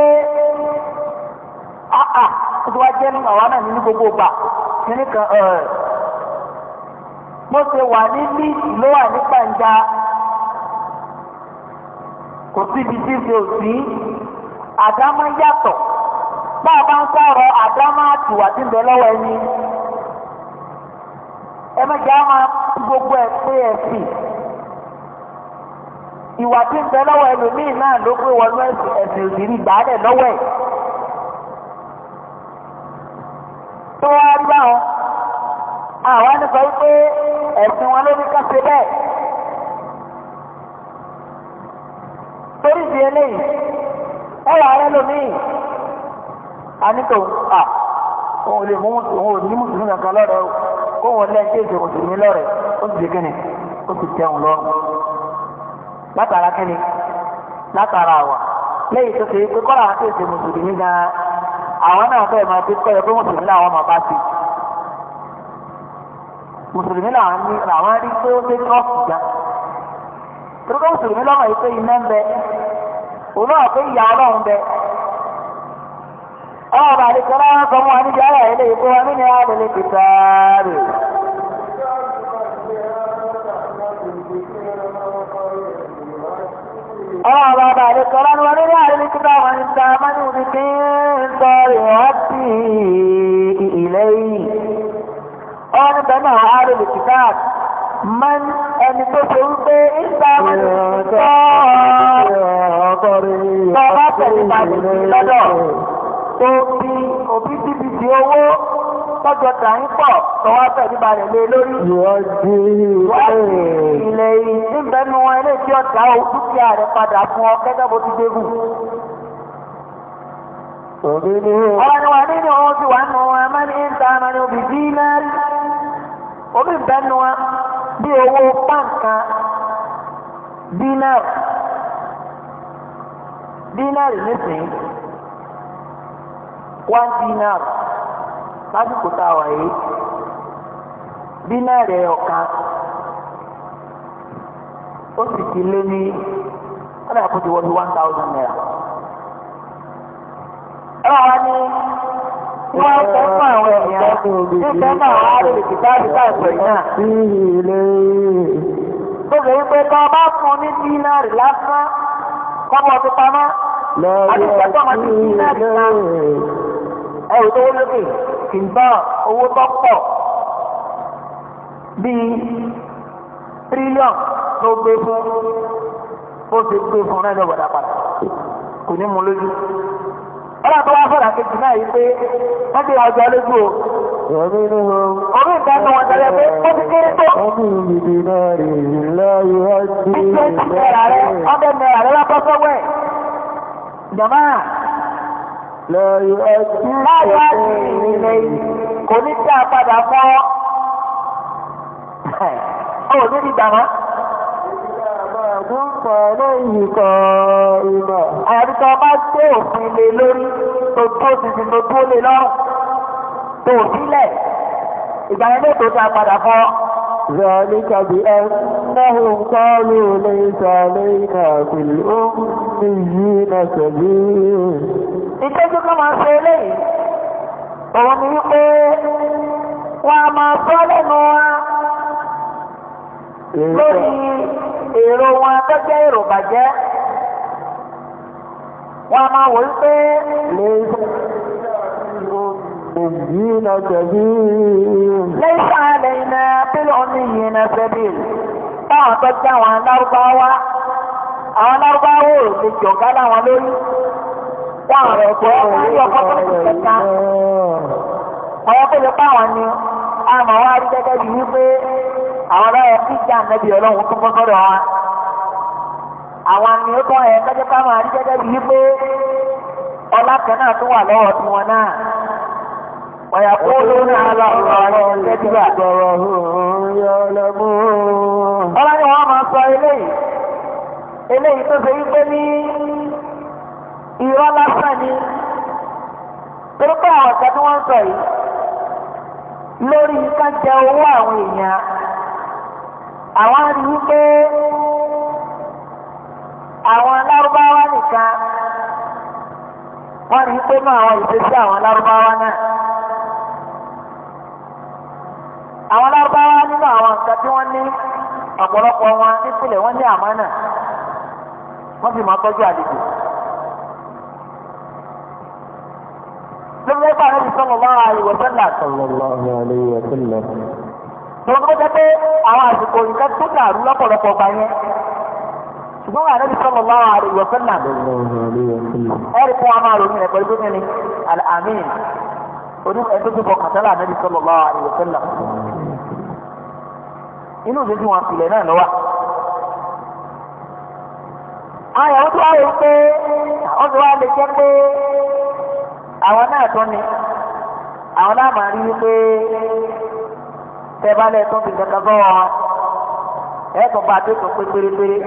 àà ah, ah, ó ti wá jẹ́ nínú àwa náà nínú gbogbo gbà kíní kan mo ṣe wà ní líìsì ló wà ní gbàǹjà kò síbi tí ṣe ò sí àdámọ́ yàtọ̀ bá a bá ń sọ̀rọ̀ àdámọ́ àtiwà tí ń lọ́wọ́ ẹni ẹ mẹ́jọ á máa gbogbo ẹ̀ pé sì. ìwà tí ń bẹ lọ́wọ́ ẹlòmíì náà ló gbé wọnú ẹ̀sìn òdìrí gbàálẹ̀ lọ́wọ́ ẹ̀. tó wá rí báwọn àwọn nípa wípé ẹ̀sìn wọn ló ní ká ṣe bẹ́ẹ̀. torí ìdí eléyìí ẹ̀rọ ara ẹlòmíì àníkò à òun lè mú òun ò ní mùsùlùmí kankan lọ́rẹ̀ẹ́ kó wọn lẹ́yìn tí èsì òsì ní lọ́rẹ̀ẹ́ ó sì dé kíni ó sì tẹ̀wọ̀n lọ́rùn látara kẹ́ni látara àwà lẹ́yìn tó ṣe pé kọ́ra àti èsè mùsùlùmí gan-an àwọn náà fẹ́ máa fi pẹ́ pé mùsùlùmí làwọn máa bá sí mùsùlùmí làwọn ní làwọn rí pé ó ṣe trọ́ọ̀sì gan torí pé mùsùlùmí lọ́mọ yìí pé iná ń bẹ òun náà pé ìyá ọlọ́run bẹ ọmọ bàálí kan láwọn sọmọ wa níbi ara ẹ̀ lè kó wa nínú ẹ̀ á lè lè kìtàárì. أعلى ذلك من ولله الكتاب إن آمنوا بمنظار ربي إليه أنا بنا أعلى الكتاب من أن تسعوا إن آمنوا بمنظار ربي Obi òbí bíbí owó tọ́jọ tàyín pọ̀ tọwọ́ tẹ̀lé balẹ̀ lé lórí. Ìwọ́n di ilé yìí. Ìbẹ̀nu wọn ilé tí ọ̀tá òkú aya rẹ padà fún ọ gẹ́gẹ́ bó ti gbégùn. ọ̀rọ̀ nínú ohun tí wà nù wọn máa ìta àmà ní obì bíi náírà omi ń bí owó pàǹkà a wà yìí ọ̀kan ó sì ti lé ní. kọ́dà kó ti wọ́n bí one thousand naira. ẹ wá ní wọ́n fẹ́ fún àwọn èèyàn ní fẹ́ fún àwọn arìnrìn kìtà kìtà ìpè náà. ó lè pé tó bá fún ní dínárì lásán kọ́bọ̀ tó pamọ́ àti ìṣẹ́tọ̀ ti dínárì kan. ẹ tó wọlé kì í bá owó tó pọ̀ bíi tírílíọ̀nù tó gbé fún bó ṣe gbé fún náà ní ọ̀gbọ̀dá padà kò ní mú lójú. ọ̀là tó wá fọ̀dà kejì náà yìí pé wọ́n ti ọjọ́ lójú o. Omi ni wọn tẹ̀lé pé ó ti kéré tó. Omi ìdí náà rè láyé wá sí ilé. Ìṣe ti náírà rẹ̀ ọ̀bẹ náírà rẹ̀ lọ́kọ́ sọ́wọ́ ẹ̀. Jọ̀mọ́. Láyé wá sí ilé. Kò ní tí a padà fọ́. Ó ní ìgbà àgúnpọ̀ lẹ́yìn kan ìmọ̀. àríkà bá gbé òfin lé lórí tó tó ti ti tó tó lé lọ́rùn tó sílẹ̀ ìgbà yẹn lè tó ta padà fọ́. ذلك بأنهم قالوا ليس علينا في الأميين سبيل ìtẹ́jú kan máa ṣe eléyìí òun ni wípé wọ́n a máa sọ lẹ́nu wa lórí èrò wọn gẹ́gẹ́ èrò bàjẹ́ wọ́n a máa wò ó pé للمؤمنين سبيل ليس علينا بالأميين سبيل táwọn tó jẹ́ àwọn alárúbáwá àwọn alárúbáwá ò lè jọ̀gá láwọn lórí wọn àwọn ẹ̀kọ́ ẹ̀kọ́ ọkọ̀ tó ti kẹta àwọn tó lè pa àwọn ni a mọ̀ wá rí gẹ́gẹ́ bí wípé àwọn ọlọ́yẹ tí ìjà nẹ́bí ọlọ́run tó kọ́ sọ́dọ̀ wa àwọn àmì ó tọ́ ẹ̀ kẹ́jọ́ ká máa rí gẹ́gẹ́ bíi pé ọlá kan náà tó wà lọ́wọ́ tí wọn náà wọ̀nyà kó lórí aláwọ̀ ọ̀rọ̀ ìjẹ́jìlá ọ̀rọ̀ yọlẹ́mú. ọlá ni wọ́n máa sọ eléyìí eléyìí tó ṣe wípé ní irọ́ lásán ni torí pé àwọn ọ̀sẹ̀ tí wọ́n ń sọ yìí lórí ká jẹ owó àwọn èèyàn àwọn rí wípé àwọn lárúbáwá nìkan wọ́n rí wípé mọ́ àwọn ìṣesí àwọn lárúbáwá náà àwọn lárúbáwá nínú àwọn nǹkan tí wọ́n ní ọ̀pọ̀lọpọ̀ wọn nípìnlẹ̀ wọ́n ní àmánà wọ́n sì máa tọ́jú àlejò. lórí ẹgbẹ́ àwọn ìṣọ́nà bá wà ìwọ̀sẹ̀ là tọ́wọ́ tó jẹ́ pé àwọn àsìkò nǹkan tó dàrú lọ́pọ̀lọpọ̀ gbà yẹn ṣùgbọ́n wà níbi sọ́mọ bá wà rí ìwọ̀sán náà ẹ̀rí fún wa máa ronú rẹ̀ pẹ̀lú gbẹ́gbẹ́ ni alamin onú ẹ̀dọ́ tó fọkàn tẹ́lẹ̀ níbi sọ́mọ bá wà rí ìwọ̀sán náà inú ìdójú wọn filẹ̀ náà lọ́wọ́ àyàwó tó wà rí pé ọ̀dọ̀ wa lè jẹ́ pé àwọn náà tó ni àwọn náà máa rí pé tẹ́bá lẹ̀ tó fi kankan bọ́ wọn ẹ̀ tó bá tó tó pé pérépéré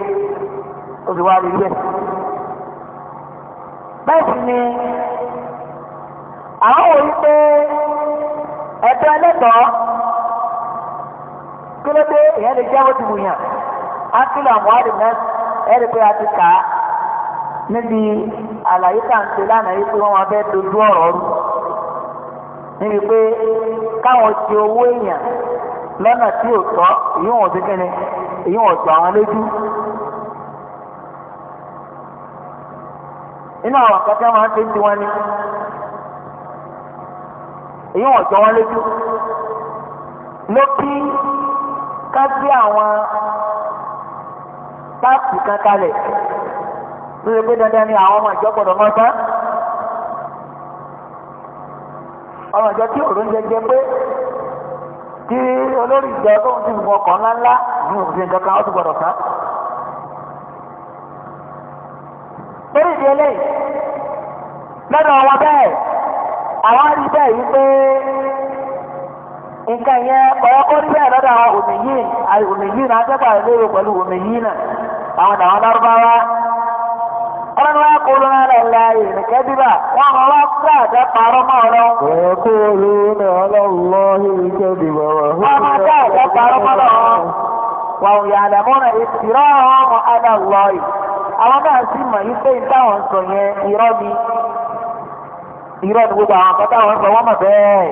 ó fi wá rí bẹ́ẹ̀. bẹ́ẹ̀ sì ni àwọn wò yí pé ẹ̀tọ́ ẹlẹ́tọ̀ọ́ kí ló lè jáwé ti wùyàn á kí lọ àwọn àdìmọ́ pé a ti kà á níbi àlàyé tá à ń ṣe lánàá yìí pé wọ́n máa fẹ́ dojú ọ̀rọ̀ rú níbi pé káwọn ti owó èèyàn lọ́nà tí ò tọ́ èyí wọn ò sí kíni èyí wọn ò tọ́ àwọn lójú. inú àwọn akẹ́kẹ́ máa ń ṣe ti wọn ni èyí wọn ò tọ́ wọn lójú. ló kí ká gbé àwọn páàkì kan kalẹ̀ tó ṣe pé dandan ni àwọn ọmọ ìjọ gbọdọ̀ mọ́ sá. ọmọ ìjọ tí òrùn jẹ pé kí olórí ìgbà ọlọ́run ti mú ọkọ̀ ńláńlá ní òfin kankan ó ti gbọdọ̀ sá. torí ìdí eléyìí lọ́dọ̀ wọn bẹ́ẹ̀ àwọn rí bẹ́ẹ̀ yìí pé nǹkan yẹn ọ̀rọ̀ rí bẹ́ẹ̀ lọ́dọ̀ àwọn òmìyìn àì òmìyìn pẹ̀lú òmìyìn àwọn àwọn lárúbáwá يقولون على الله الكذبة والله قد فرمنا ويقولون على الله الكذب وهم قد فرمنا وهم يعلمون افتراهم على الله àwọn náà sì mọ̀ yí pé táwọn sọ yẹn irọ́ ni irọ́ ni gbogbo àwọn àkọ́tà wọn sọ wọ́n mọ̀ bẹ́ẹ̀.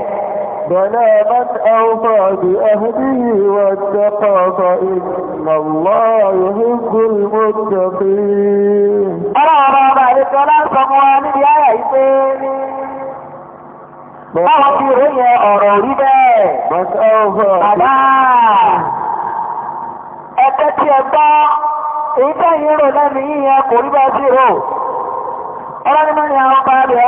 بلى من أوفى بأهله واتقى فإن الله يحب المتقين أرى بابا لسلام صمواني يا عيسين Báwọn fi rẹ̀ yẹ ọ̀rọ̀ orí bẹ́ẹ̀. Bàbá ẹgbẹ́ tí ẹ gbọ́, èyí tẹ́yìn rò lẹ́nu yíyẹ kò rí bá sí rò. Ọlọ́ni ni àwọn bàbá rẹ̀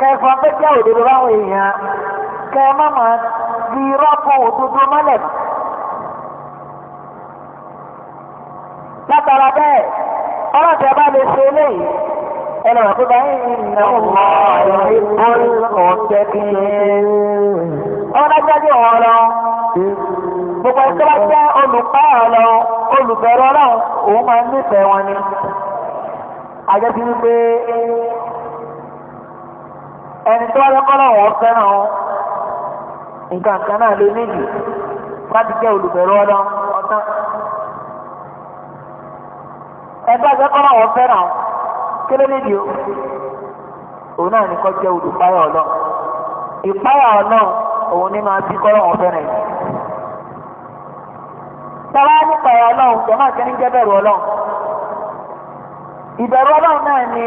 kẹfọn pé kí òdodo báwọn èèyàn kẹ má máa di rọ́pò òdodo mọ́lẹ̀ mọ́. látara bẹ́ẹ̀ ọlọ́tẹ̀ bá lè ṣe eléyìí ẹnì wọ́n pípa yín ní ọmọ ìbọn ọ̀tẹ́ kí ọlọ́dájú ọ̀hún lọ gbogbo ẹni tó bá jẹ́ olùpá ọ̀lọ́ olùbẹ̀rẹ̀ ọlọ́run òun máa ń nífẹ̀ẹ́ wọn ni àjẹsí wípé ẹni tó wáyé kọ́ lọ́wọ́ fẹ́ràn nǹkan kan náà lé méjì láti jẹ́ olùbẹ̀rù ọlọ́ ọ̀tán. ẹgbẹ́ ẹgbẹ́ kọ́ lọ́wọ́ fẹ́ràn kí ló nídìí o òun náà ní kọ́ jẹ́ olùpáyà ọlọ́ ìpáyà ọlọ́ òun ní máa bí kọ́ lọ́wọ́ fẹ́ràn yìí. tọ́lá nípa ẹ̀ ọlọ́run jọ̀mọ́ àti ẹni jẹ́ bẹ̀rù ọlọ́run ìbẹ̀rù ọlọ́run náà ni.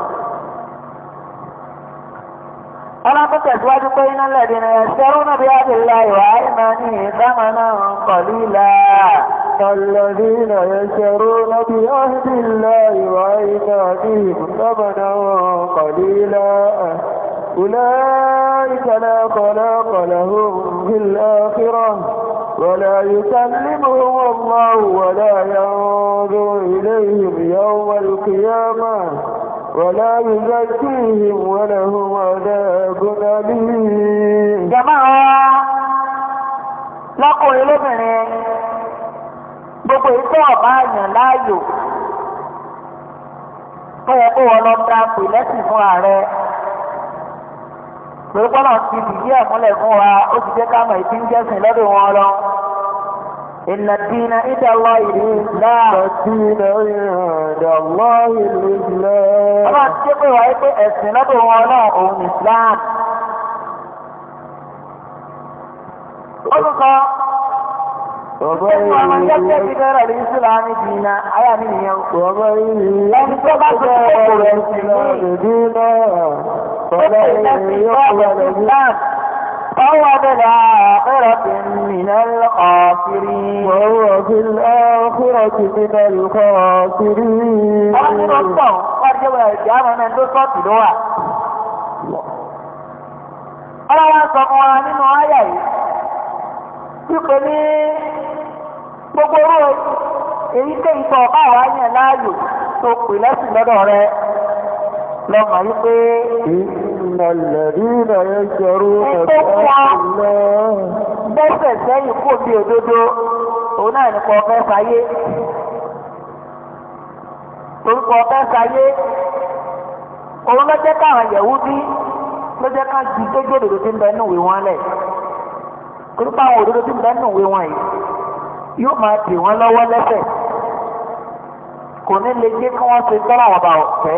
تزواج بين الذين يشترون بعهد الله وأيمانه ثمنا قليلا الذين يشترون بعهد الله وأيمانه ثمنا قليلا أولئك لا خلاق لهم في الآخرة ولا يكلمهم الله ولا ينظر إليهم يوم القيامة ولا يزكيهم ولهم عذاب أليم جماعة lọ́kùnrin lóbìnrin gbogbo ìtọ́ ọ̀bá àyàn láàyò tó yẹ kó wọn lọ ta pè lẹ́sìn fún ààrẹ pé gbọ́dọ̀ ti dìde ẹ̀múlẹ̀ fún wa ó ti jẹ́ ká mọ̀ ìpínjẹ́sìn lọ́dọ̀ wọn lọ́wọ́. إن الدين عند الله الإسلام الدين عند الله الإسلام أما تشكي وعيد السنة ولا أون إسلام أبقى ومن يتبع غير الإسلام دينا أيا من يوم ومن يتبع غير الإسلام دينا فلا يقبل منه وهو بالآخرة من الخاسرين وهو في الآخرة من الخاسرين أنا أصبح أرجو الجامعة من بصوت لواء أنا أصبح وأنا معايا يقولي gbogbo èyí tẹ́ ìtọ̀ ọ̀pá wa yẹn láàyò tó pè lẹ́sìn lọ́dọ̀ rẹ lọ́mọ wípé إن الذين يشترون بآيات الله bẹ́sẹ̀ sẹ́yìn kò bí òdodo òun náà nípa ọ̀fẹ́ fàyé orúkọ ọ̀fẹ́ fàyé òun ló jẹ́ káwọn yẹ̀wú bí ló jẹ́ ká ju gbégbé òdodo tí ń bẹ nù ìwé wọn lẹ̀ torí pé àwọn òdodo tí ń bẹ nù ìwé wọn yìí yóò máa dè wọ́n lọ́wọ́ lẹ́sẹ̀ kò ní lè jẹ́ kí wọ́n ṣe tọ́lá wọn bá ọ̀fẹ́.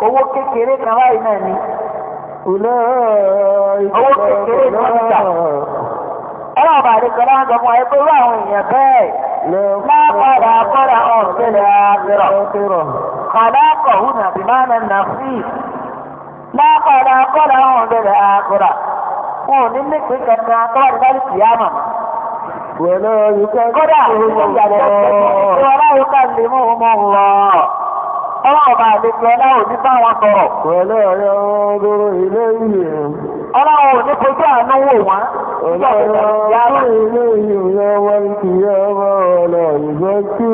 owó kékeré kan láì náà ni. owó kékeré kan níta. ọlọ́run bá rí kọlá ń gbọmọ ẹgbẹ́ irú àwọn èèyàn bẹ́ẹ̀. lápàdà akọ́dà ọ̀sẹ̀lẹ̀ àbẹ̀rọ̀. kàdá kọ̀hún nàbí máa nà nà sí. lápàdà akọ́dà ọ̀sẹ̀lẹ̀ àbẹ̀rọ̀. wọn ò ní nípìn kankan tó wà ní báyìí kìámà. wẹ̀lẹ́ yìí kẹ́kẹ́ kọ́dà ìyàlẹ̀ ọ̀ọ́ ọlọ́ọ̀bá àlejò ọláwò ní bá wọn sọ̀rọ̀. pẹ̀lú ẹ̀rẹ́ ọdúnrún ilé ìyè. ọláwò ní kojú àánú wò wọ́n. pẹ̀lú ẹ̀rẹ́ ọdúnrún ilé ìyè yẹ wọ́n ti yẹ wọ́n ọ̀lọ́ ìgbẹ́ i.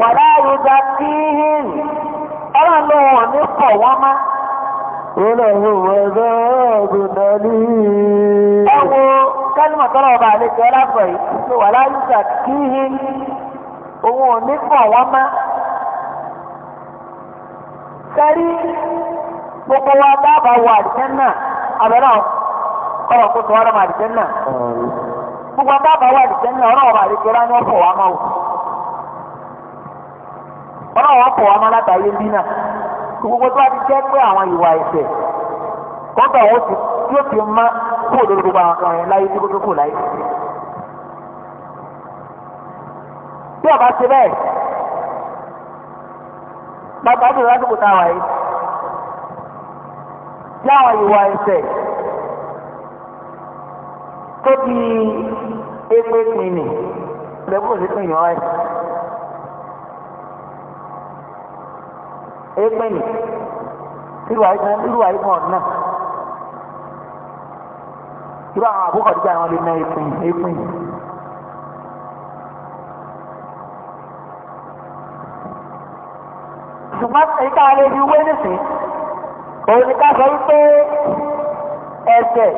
wàlá ìgbà kí i ọlọ́run ní pọ̀ wọ́n má. ọlọ́run ọ̀dọ́ ọ̀gùnà ní. ọba àlejò ọlá pọ̀ yìí wàlá ìgbà i. òun ò ní pọ̀ wọ́n má. sari gbogbo wa dábàá wọ àdìjẹ́nà àbẹ̀rẹ̀ ọ̀rọ̀ kó ọrụ ọ̀rọ̀ àdìjẹ́nà gbogbo na o látàrí ẹbí gbogbo tó a pé àwọn ìwà ẹ̀ṣẹ̀ kọ́ńtà wọn ti yóò ti kó lórí gbogbo àwọn kan yẹn láyé tí gbogbo kò pàápàá bò lásìkò tá a wà yìí láwọn ìwà ẹsẹ̀ tó di epe pinni lẹ́kùn sí pinni wáyé epinni irú àyíkan irú àyíkan ọ̀dún náà irú àwọn àbúkọ̀ dídá àwọn lè ná epinni epinni. ṣùgbọ́n ìta lè fi wé nìsín òun ni ká sọ wípé ẹ̀sẹ̀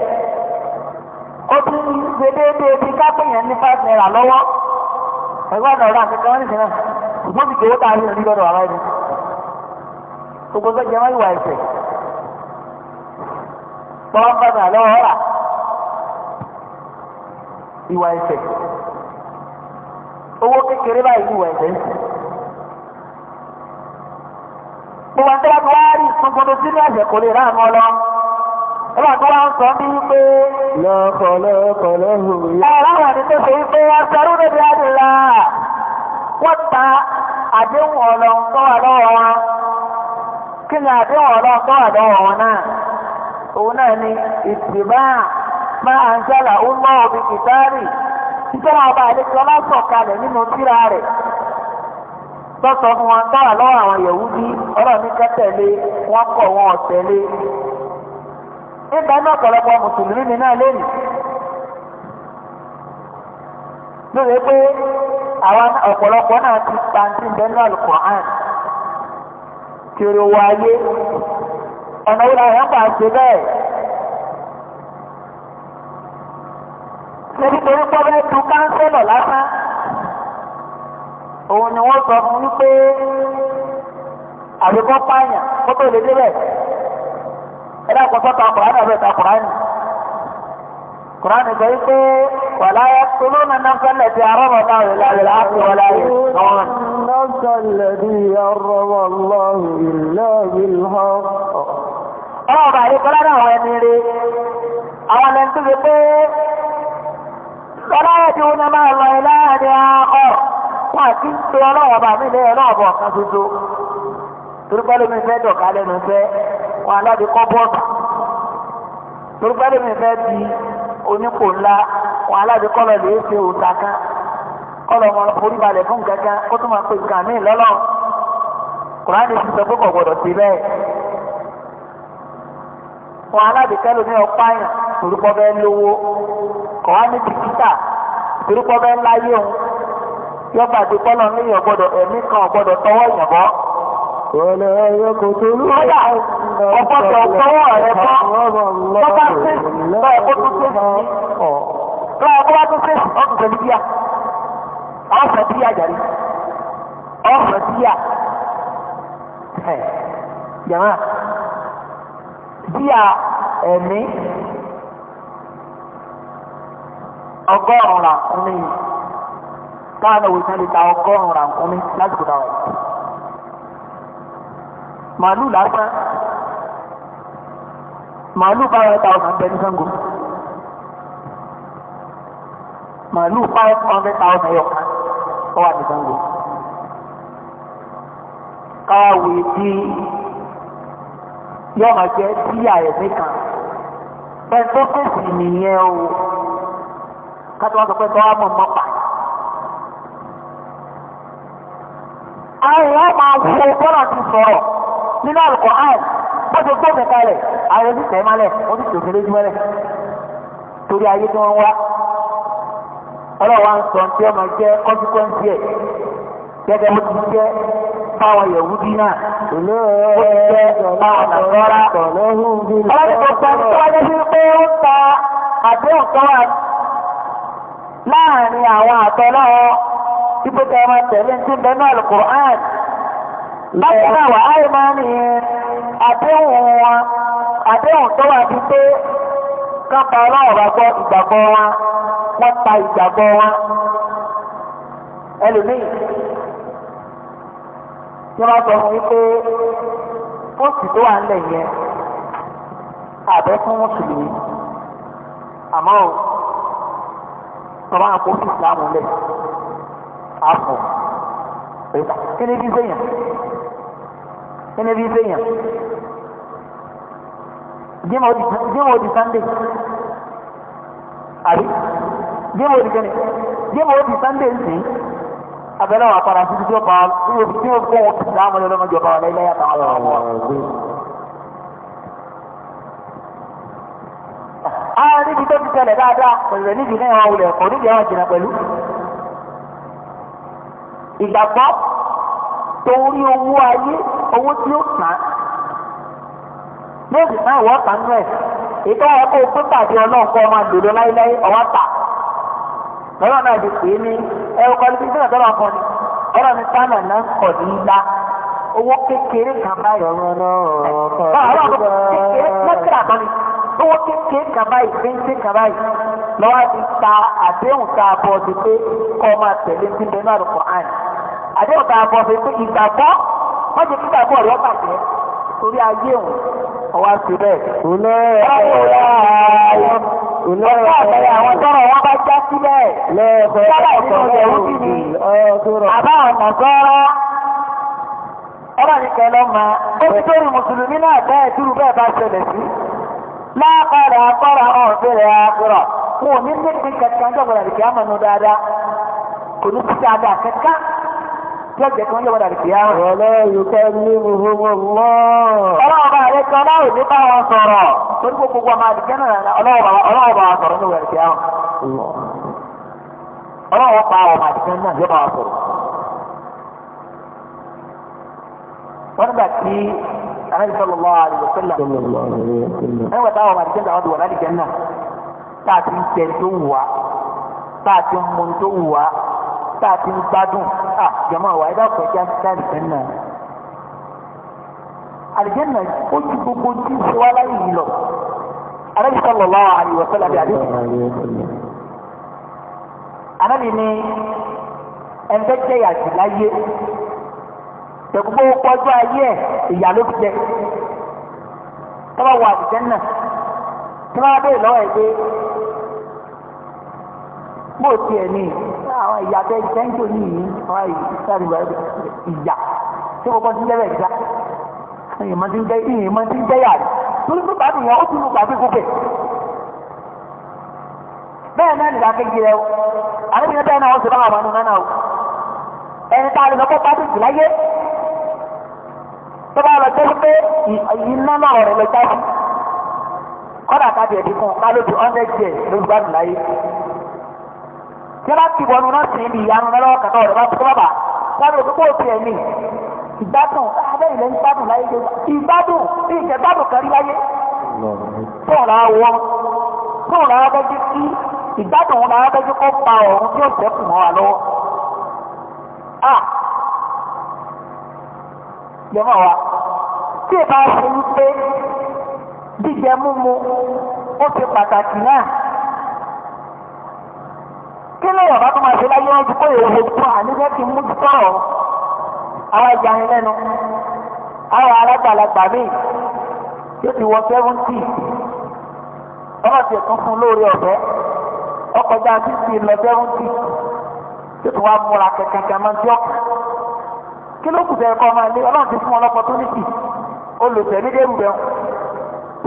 ó ti ṣe déédéé bí kápẹ́yìn ní five naira lọ́wọ́ ẹ̀gbọ́n ọ̀nà ọ̀rọ̀ àti kan nìsín náà ṣùgbọ́n ti tá a rí rí lọ́dọ̀ àwọn ẹni gbogbo tó jẹ́ wọ́n ìwà ẹ̀sẹ̀ pọ́n bá nà lọ́wọ́ rà owó kékeré báyìí ìwà ẹ̀sẹ̀ ń sìn. ìwà tó wá rí gbogbo sínú ẹ̀jẹ̀ kò lè ọ lọ. Ìwà tó wá ń sọ bí wípé. Lọ́kọ̀lọ́ kọ̀lọ́ hù yá. Ẹ̀rọ àwọn tó ṣe wọ́n sọrú níbi àdìlá. Wọ́n ta àdéhùn tó wà lọ́wọ́ Kí ni àdéhùn tó wà lọ́wọ́ wọn náà? Òun náà ni máa ń mọ́ òbí kìtárì. tọ́sọ fún wọn táwà lọ́wọ́ àwọn Yẹ̀húdí ọlọ́run ní wọn kọ̀ wọn ọ̀tẹ̀lé nígbà náà ọ̀pọ̀lọpọ̀ mùsùlùmí mi náà lè rí lórí pé àwọn ọ̀pọ̀lọpọ̀ náà ti pàǹtí bẹ́ẹ̀nù Al-Qur'an kiri owó ayé ọ̀nà ìlà yẹn bẹ́ẹ̀ nítorí òun ni wọ́n sọ fún wípé àbíkọ́ pààyàn kó tó lè débẹ̀ ẹ̀dá kan sọ́ta kùránì àbẹ̀ ta kùránì kùránì sọ wípé wàlá toló na nàfẹ́ lẹ́tì àrọ́bọ̀ náà ìlà ìlà àti wàlá yìí náà. nàfẹ́ lẹ́tì àrọ́bọ̀ lọ́hùn ìlà ìlà. ọlọ́ọ̀bà àyíkọ́lá náà wọ ẹni àwọn ẹni fi pé sọlá ẹ̀dínwó náà máa lọ ìlà àkọ́. wọn àti ń ọlọ́wọ́ bá mi lẹ́yìn ọlọ́ọ̀bọ̀ kan mi fẹ́ dọ̀ka fẹ́ wọn aláde kọ́ bọ́ọ̀bà torúbẹ́lẹ́ mi fẹ́ di onípò ńlá wọn aláde kọ́lọ̀ lè ṣe òòtà kan kọ́lọ̀ wọn forí balẹ̀ fún kó tó máa nǹkan lọ́lọ́ kùránì ti sọ pé kò gbọdọ̀ sí bẹ́ẹ̀ wọn aláde ọ̀pá yàn torúkọ bẹ́ẹ̀ lówó kọ́ ní yọ gbàgbé pọ́lọ́ ní èèyàn gbọ́dọ̀ ẹ̀mí kan ọ̀gbọ́dọ̀ tọwọ́ èèyàn bọ́. Wọlé ẹyẹ kò tó lù ú. Kódà ọ̀pọ̀tọ̀ tọwọ́ rẹ̀ bọ́. Bọ́bá sí bẹ́ẹ̀ kó tún sí. Bẹ́ẹ̀ kó bá tún sí ọ̀tún tẹ̀lé bíyà. Ọ̀fẹ́ bíyà jàre. Ọ̀fẹ́ bíyà. Jàmá bíyà ẹ̀mí ọgọ́rùn-ún rà táwọn òwe kan lè ta ọgọ́rùn-ún ràǹkúnmí lásìkò táwọn yìí. màálù lásán màálù five thousand bẹ ní Ṣàngó màálù five hundred thousand yọ kan ó wà ní Ṣàngó. káwé tí yọ máa jẹ́ díyà ẹ̀mí kan pẹ̀ntọ́fẹ̀sì nìyẹn o ká tó wá sọ pé tó wá mọ̀ mọ́ pàá. wo bọ́lá ti sọ̀rọ̀ nínú àlùkò àn bó ṣe gbó kalẹ̀ àwọn oníṣẹ́ mọ́lẹ̀ oníṣẹ́ òfin lójú torí ayé tí wọ́n wá ọlọ́wà ń sọ tí ọmọ jẹ́ kọ́síkọ́ǹsì ẹ̀ gẹ́gẹ́ bó ti jẹ́ báwọn Yẹ̀wúdí náà ó ti jẹ́ báwọn nàṣọ́ra ọlọ́dún tó láàrin àwọn àtọ́lọ́wọ́ ibùdó ọmọ tẹ̀lé ń tí bẹ́ẹ̀ náà lùkùrọ̀ bákan náà wà áyè máa ní àdéhùn wọn àdéhùn tó wà bíi pé kápá ọlọ́ọ̀bá gbọ́ ìgbàgbọ́ wọn wọ́n ta ìgbàgbọ́ wọn ẹlòmíì tí wọ́n sọ fún mi pé pósìtì tó wà nílẹ̀ yẹn àbẹ́ fún mùsùlùmí àmọ́ ò sọ̀rọ̀ àpò ìsìlámù lẹ̀ àpò kí ni bí sẹ́yìn nínú ibi ìfẹ̀yàn jímọ̀ òdì sunday àbí jímọ̀ òdì kẹ́ni jímọ̀ òdì sunday ń sìn abẹ́rẹ́ wà padà sí títí ọ̀pá tí ó kó wọn kìí láàmú lọ́dọ́ mọ́jọba wà lẹ́yìn àtàwọn ọ̀rọ̀ wọn. àwọn níbi tó ti ṣẹlẹ̀ dáadáa pẹ̀lú níbi náà wọn wulẹ̀ kọ́ níbi àwọn jìnnà pẹ̀lú. ìgbàgbọ́ torí owó ayé owó tí ó tà á lóògùn náà wọ́n tà nínú ẹ̀ ètò ọ̀rọ̀ kó o pàdé ọlọ́run ọmọ àdòdó láéláé ọwọ́ tà náà di pé ní ẹ̀rọ kọlifíṣẹ́ ọ̀dọ́rọ̀ kan ọ̀rọ̀ náà kọ̀ ní owó kékeré owó kékeré péńté lọ́wọ́ ta àdéhùn tá a bọ̀ ọ́ di pé kọ́ ọ máa tẹ̀lé wọ́n ti kíkà bọ́ọ̀lù ọ̀pá torí ayé òun àwọn tọrọ wọn bá já tó rí Mùsùlùmí náà bẹ́ẹ̀ dúró bẹ́ẹ̀ bá ṣẹlẹ̀ sí. Láàpàdà àpọ̀rọ̀ ọ̀hún bẹ̀rẹ̀ àpọ̀rọ̀. Mo jẹ́jẹ́ kan yóò dàbí kìá. Wọlé yòókè ní ìhòmòlò. Ọlọ́run bá rẹ̀ kan náà ò ní bá wọn sọ̀rọ̀. Torí gbogbo wa máa dìgbẹ́ náà ọlọ́run bá wa sọ̀rọ̀ ní ìwẹ̀rẹ̀ kìá. Ọlọ́run pa àwọn màdìgbẹ́ náà yóò bá wa sọ̀rọ̀. Wọ́n nígbà tí Ànábì sallallahu alaihi náà láti ń jẹ tó wù tá a ti ń gbádùn à jọmọ àwọn ẹ̀dá ọkọ ẹjẹ ti dáàbò sẹ́yìn náà àlìjẹ́nà ó ti gbogbo tí ń ṣe wá láyé yìí lọ anábì sallallahu alaihi wa sallam àdéhùn anábì ni ẹnfẹ́ jẹ́ yàtì láyé tẹ̀gbogbo pọ́jú ayé ẹ̀ ìyá ló jẹ tọ́wọ́ wọ àlìjẹ́nà tí wọ́n lọ́wọ́ ẹ̀ pé bó tiẹ̀ ní àwọn ìyá tẹ jẹ́ńtò ní ìní àwọn ìsàlùwẹ̀ ìyá tí wọ́n kọ́ sí lẹ́rẹ̀ ìjà ìyìnbọn ti ń jẹ́ ìyìnbọn ti ń jẹ́ yàrá torí pé bàbá ìyẹn ó ti lu bàbá ìkókè bẹ́ẹ̀ náà nìkan kéjì rẹ o àdébìyẹn bẹ́ẹ̀ náà ó sì bá àwọn ọmọ náà o ẹni tá a lè lọ́kọ́ pàtó jù láyé tó bá lọ tó pé iná náà rẹ̀ lọ jáde kọ́dà ká tí ti wọnú náà sí ibi ìyanu náà lọ́wọ́ kàkà ọ̀rọ̀ bá ti bàbà lábẹ́ òkú kò tiẹ̀ ní ìgbádùn abẹ́yìn lẹ́yìn gbádùn láyé gbé ìgbádùn bí ìjẹ́ láyé. tóun náà wọ tóun náà bẹ́jú kí ìgbádùn òun náà kó pa ọ̀run tí ó sẹ́kù mọ́ wa lọ́wọ́. a wa tí ì bá ṣe wípé jíjẹ múmu ó ṣe pàtàkì náà èèyàn bá tó máa ṣe láyé wọn ju kó èrò fún àníjẹ́ ti mú sọ̀rọ̀ àwọn ẹja yẹn lẹ́nu àwọn alágbàlagbà míì tó ti wọ sẹ́wọ́ntì ọmọ tiẹ̀ tún fún lóore ọ̀fẹ́ ọkọjá títí lọ sẹ́wọ́ntì tó ti wá múra kẹ̀kẹ́kẹ́ máa ń tí ọkọ̀ kí ló kù sẹ́yìn kọ́ máa lé ọlọ́run ti fún ọlọ́pọ̀ tó nìkì olùsẹ̀mídẹ́rù rẹ̀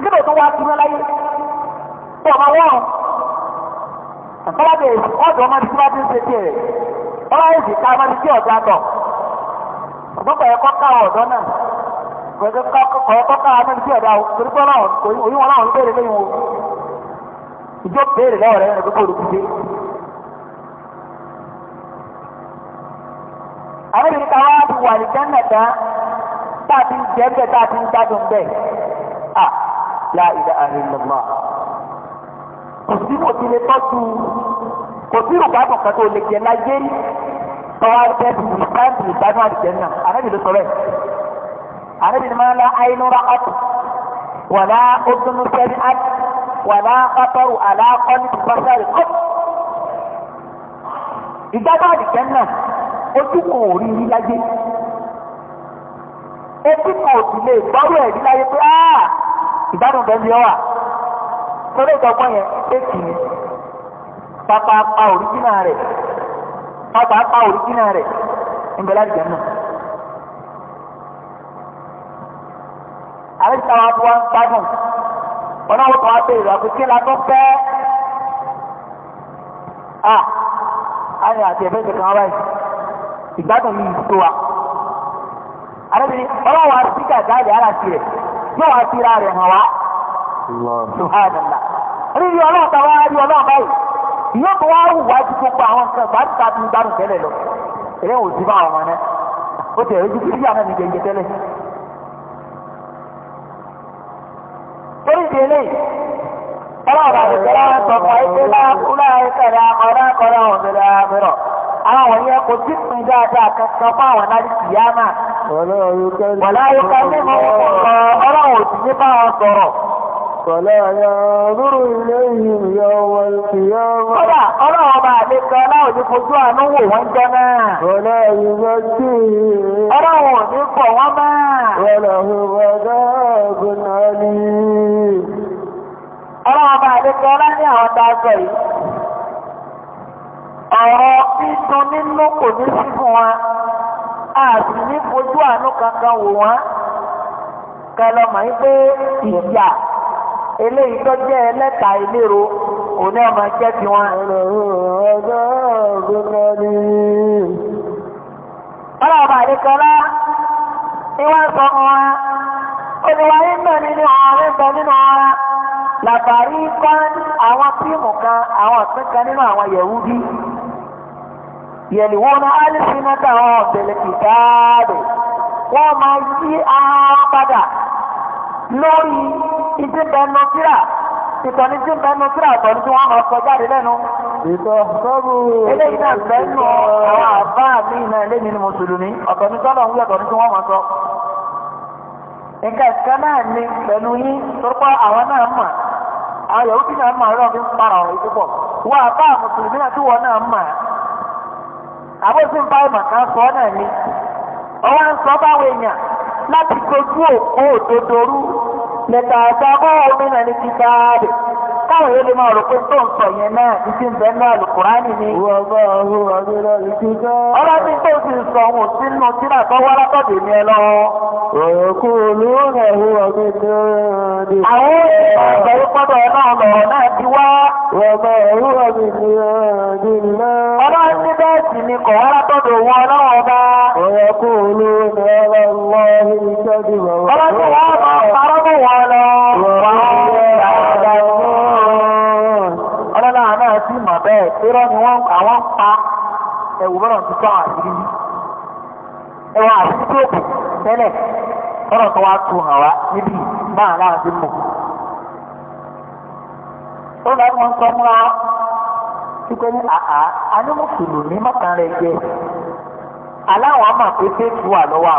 kí ló tún wá túnú láyé tó ọlọ́dẹ ọ̀dọ̀ ọmọ ní kíláàdì ń ṣe tiẹ̀ ọdụ ọdụ a a kò sí kò sí lè tọ́jú kò sí rògbà bọ̀ kan tó lè jẹ láyé tọ́wá jẹ́ bí ìsáǹtì ìgbádùn àdìjẹ́ náà àrẹ́bì ló sọ bẹ́ẹ̀ àrẹ́bì ni máa ń la àìnú ra ọ̀tù wàlá ọdún sẹ́ni àti wàlá ọ̀tọ̀rù àlàkọ́ ní pàṣẹ kọ́. ìgbádùn àdìjẹ́ náà ojú kan ò rí láyé etí kan ò lè gbọ́rọ̀ ẹ̀ níláyé pé ìgbádùn bẹ́ẹ̀ ni ọ wà torí ìgbàgbọ́ yẹn éèkì ni pápá pa òríjìnà rẹ̀ pápá pa òríjìnà rẹ̀ níbẹ̀ láti jẹ́ náà. àlejò àwọn abúlé ń gbádùn wọn náà wọ́n kàn wá béèrè àpèké la tó fẹ́ à ayé àti ẹ̀fẹ́ ìṣẹ̀kan wọn báyìí ìgbádùn yìí tó wa. àlejò ọlọ́wọ́ àti síkà jáde ara tirẹ̀ yóò wá síra rẹ̀ hàn wá. subhanallah rírí ọlọ́run tàwa rí ọlọ́run báyìí yóò tó wá wù wájú gbogbo àwọn nǹkan ìgbàdùn tàbí ìgbàdùn tẹ́lẹ̀ lọ èyí ò sí bá àwọn náà ó tẹ̀ ojú kí bíyà náà ní gbẹ̀ngẹ̀ tẹ́lẹ̀. oríṣi eléyìí ọlọ́run àgbẹ̀tẹ́lá sọ fún ẹgbẹ́ láàkúlá ẹ̀kẹ́rẹ́ akọ̀rẹ́ akọ̀rẹ́ ọ̀gbẹ̀rẹ̀ àgbẹ̀rọ̀ àwọn wọ̀nyẹn kò tí pin dáadáa kankan fún àwọn náà kìyàmà wọ̀lá ayọ̀kẹ́ mímú ọlọ́run ò ní bá فلا ينظر إليهم يوم القيامة Kọ́lá ọlọ́run ọba àlékan láwọn ní fojú àánú wò wọ́n jọ náà. Wọ́lá ìgbà tí. Ọlọ́run ò ní pọ̀ wọ́n máa. Wọ́lá ìwọ̀dá ọ̀gbìn náà ní. Ọlọ́run ọba àlékan ọlá ní àwọn Ọ̀rọ̀ títun nínú kò ní sí fún wa. A sì ní fojú àánú kankan wò wọ́n. Kẹlọ́mọ̀ yìí pé ìyà eléyìí tó jẹ́ ẹlẹ́ta ìlérò òní ọmọ jẹ́ tiwọn. ọjọ́ ògbóná ni. ọlọ́ọ̀bà ni wọ́n sọ fún wa olùwárí náà nínú ààrẹ bẹ nínú ara làbàrí kan àwọn fíìmù kan àwọn ọ̀sìn nínú àwọn yẹ̀wúdí yẹ̀lì wọn alìsínátà àwọn ọ̀bẹ̀lẹ̀ kìtáàbẹ̀ wọ́n máa yí ara padà lórí ìdí bẹnu tíra ìtọ́ni tí ń bẹnu tíra àtọ́ni tí wọ́n máa sọ jáde lẹ́nu. ìtọ́ sọ́bù. eléyìí náà bẹ́nu àwọn àbá mi náà lẹ́nu ni mùsùlùmí ọ̀tọ̀ni tọ́lọ̀ ń wí ọ̀tọ̀ni tí wọ́n máa sọ. nǹkan ìṣẹ́ náà ni pẹ̀lú yín torípọ̀ àwọn náà mọ̀ àwọn yòówù tí náà mọ̀ ọ̀rọ̀ fi ń para ọ̀rọ̀ yìí púpọ̀ wọ́n àbá mùsùlùmí náà tí wọ́n náà mọ̀ àbóṣe ń bá ìmọ̀ kan sọ náà ni ọwọ́ ń sọ báwọn èèyàn láti dojú òkú òdodo rú lẹ́tà àtàkọ́ omi náà ní kíkà rẹ̀ táwọn èèyàn máa rò pé tó ń sọ yẹn náà ní ti ń bẹ náà lùkùránì ni. wọ́n bá ọ̀hún àbílẹ̀ ìtúkọ́. ọlọ́dún tó ti sọ òun sínú tíra tó wá látọ̀dọ̀ mi ẹ lọ́wọ́. ọ̀rọ̀ kú olóòrùn ẹ̀hún àbílẹ̀ ìdí. àwọn èèyàn ọ̀gá ìpọ́dọ̀ ẹ̀ náà lọ̀rọ̀ náà ti wá. wọ́n bá ọ̀hún àbílẹ̀ ìdí náà. ọlọ́run ní bẹ́ẹ̀ sì ni kọ̀ wá látọ̀dọ̀ wọn ọlọ́wọ́ bá. ọ̀rọ̀ kú olóòrùn ẹ̀hún àbílẹ̀ ìdí náà. ọlọ́run wá máa parọ́ mọ́ wọn lọ. ẹ̀wù bọ́lọ̀ ti tọ́ àṣírí yìí ẹ̀wù àṣírí tó tó hàn wá níbí báà náà mọ̀. ó lọ mọ sọ fún wa ní àhà anímùsùlùmí rẹ̀ aláwọ̀ ọmọ wà lọ́wọ́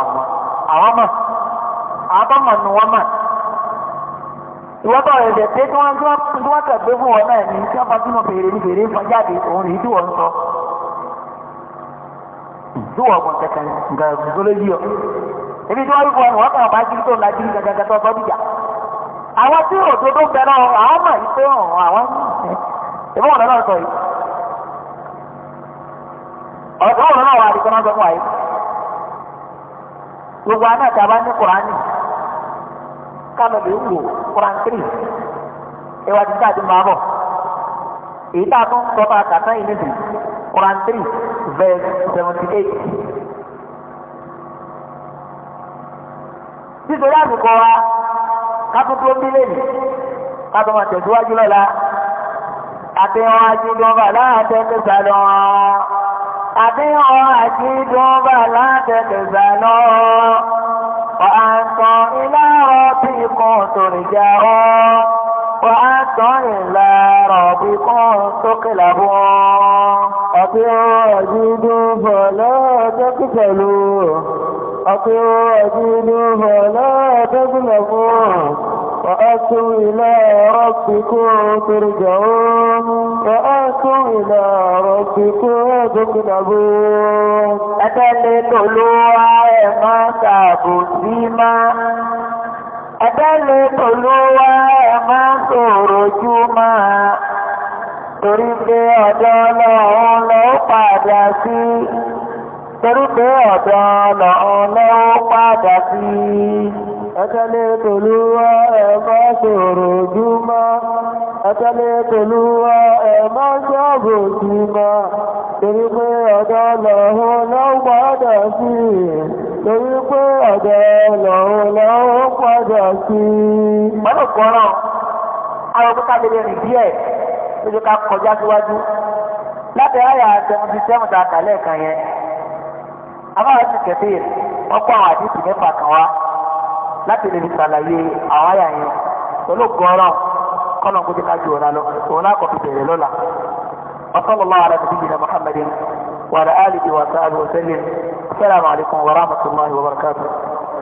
àwọn àwọn wọ́n mọ̀ rẹ̀ dẹ̀ pé kí wọ́n tẹ̀ gbé fún wọn náà ní wọ́n fèrè ní fèrè bí wọ́n mọ̀ kẹta nǹkan ẹ̀gbọ́n ló yí ọ. ebi tí wọ́n rí fún ọ wọ́n kàn bá jírí tó la jírí gàgàgà tó ọgbọ́n níjà. àwọn tí òdodo bẹ náà àwọn mọ̀ yìí pé ọ̀hún àwọn ìbọn ọ̀dọ́ náà sọ yìí. ọ̀dọ́ ọ̀dọ́ náà wà á di kọ́nà sọ fún wa yìí. gbogbo àná tí a bá ní kùránì kálọ̀ lè wò kùránì tírì ìwà tí èyí tá a tún sọ bá a kàtá yìí níbi Quran three verse seventy eight. nítorí àsìkò wa kátótó bílẹ̀nì kátó máa tẹ̀síwájú lọ́la àti wọn àjíjọba láàtẹ̀tẹ̀sà lọ. àti wọn àjíjọba láàtẹ̀tẹ̀sà lọ. wà á ń tán tí kò tó lè jẹ́ ọ́. وأنتم إلى ربكم تقلبون أطيعوا وجدوا فلا تقتلوا أطيعوا وجدوا فلا تظلموا وأتوا إلى ربكم ترجعون وأتوا إلى ربكم تقلبون أتلقوا الوعي ما تعبوا فيما Ẹ̀dẹ́lẹ̀ olúwa ẹ̀mọ́ sòrò jú máa torí pé ọ̀dọ̀ ọlọ́run lọ padà sí. Torí pé ọ̀dọ̀ ọlọ́run lọ padà sí. أتلي طلوع ما سر جمع أتلي طلوع ما شاب جمع تلقي na لو بعد فيه تلقي أداله لو بعد فيه من القرآن díẹ̀ lójú ká kọjá síwájú láti ráyà seventy láti lè ṣàlàyé àwọn àyà yẹn pẹ̀lú gọ́ọ̀rọ̀ kọ́nà kó ti ká ju ọ̀la lọ òun náà kọ́ fi bẹ̀rẹ̀ lọ́la. وصلى الله على نبينا محمد وعلى آله وصحبه وسلم السلام عليكم ورحمة الله وبركاته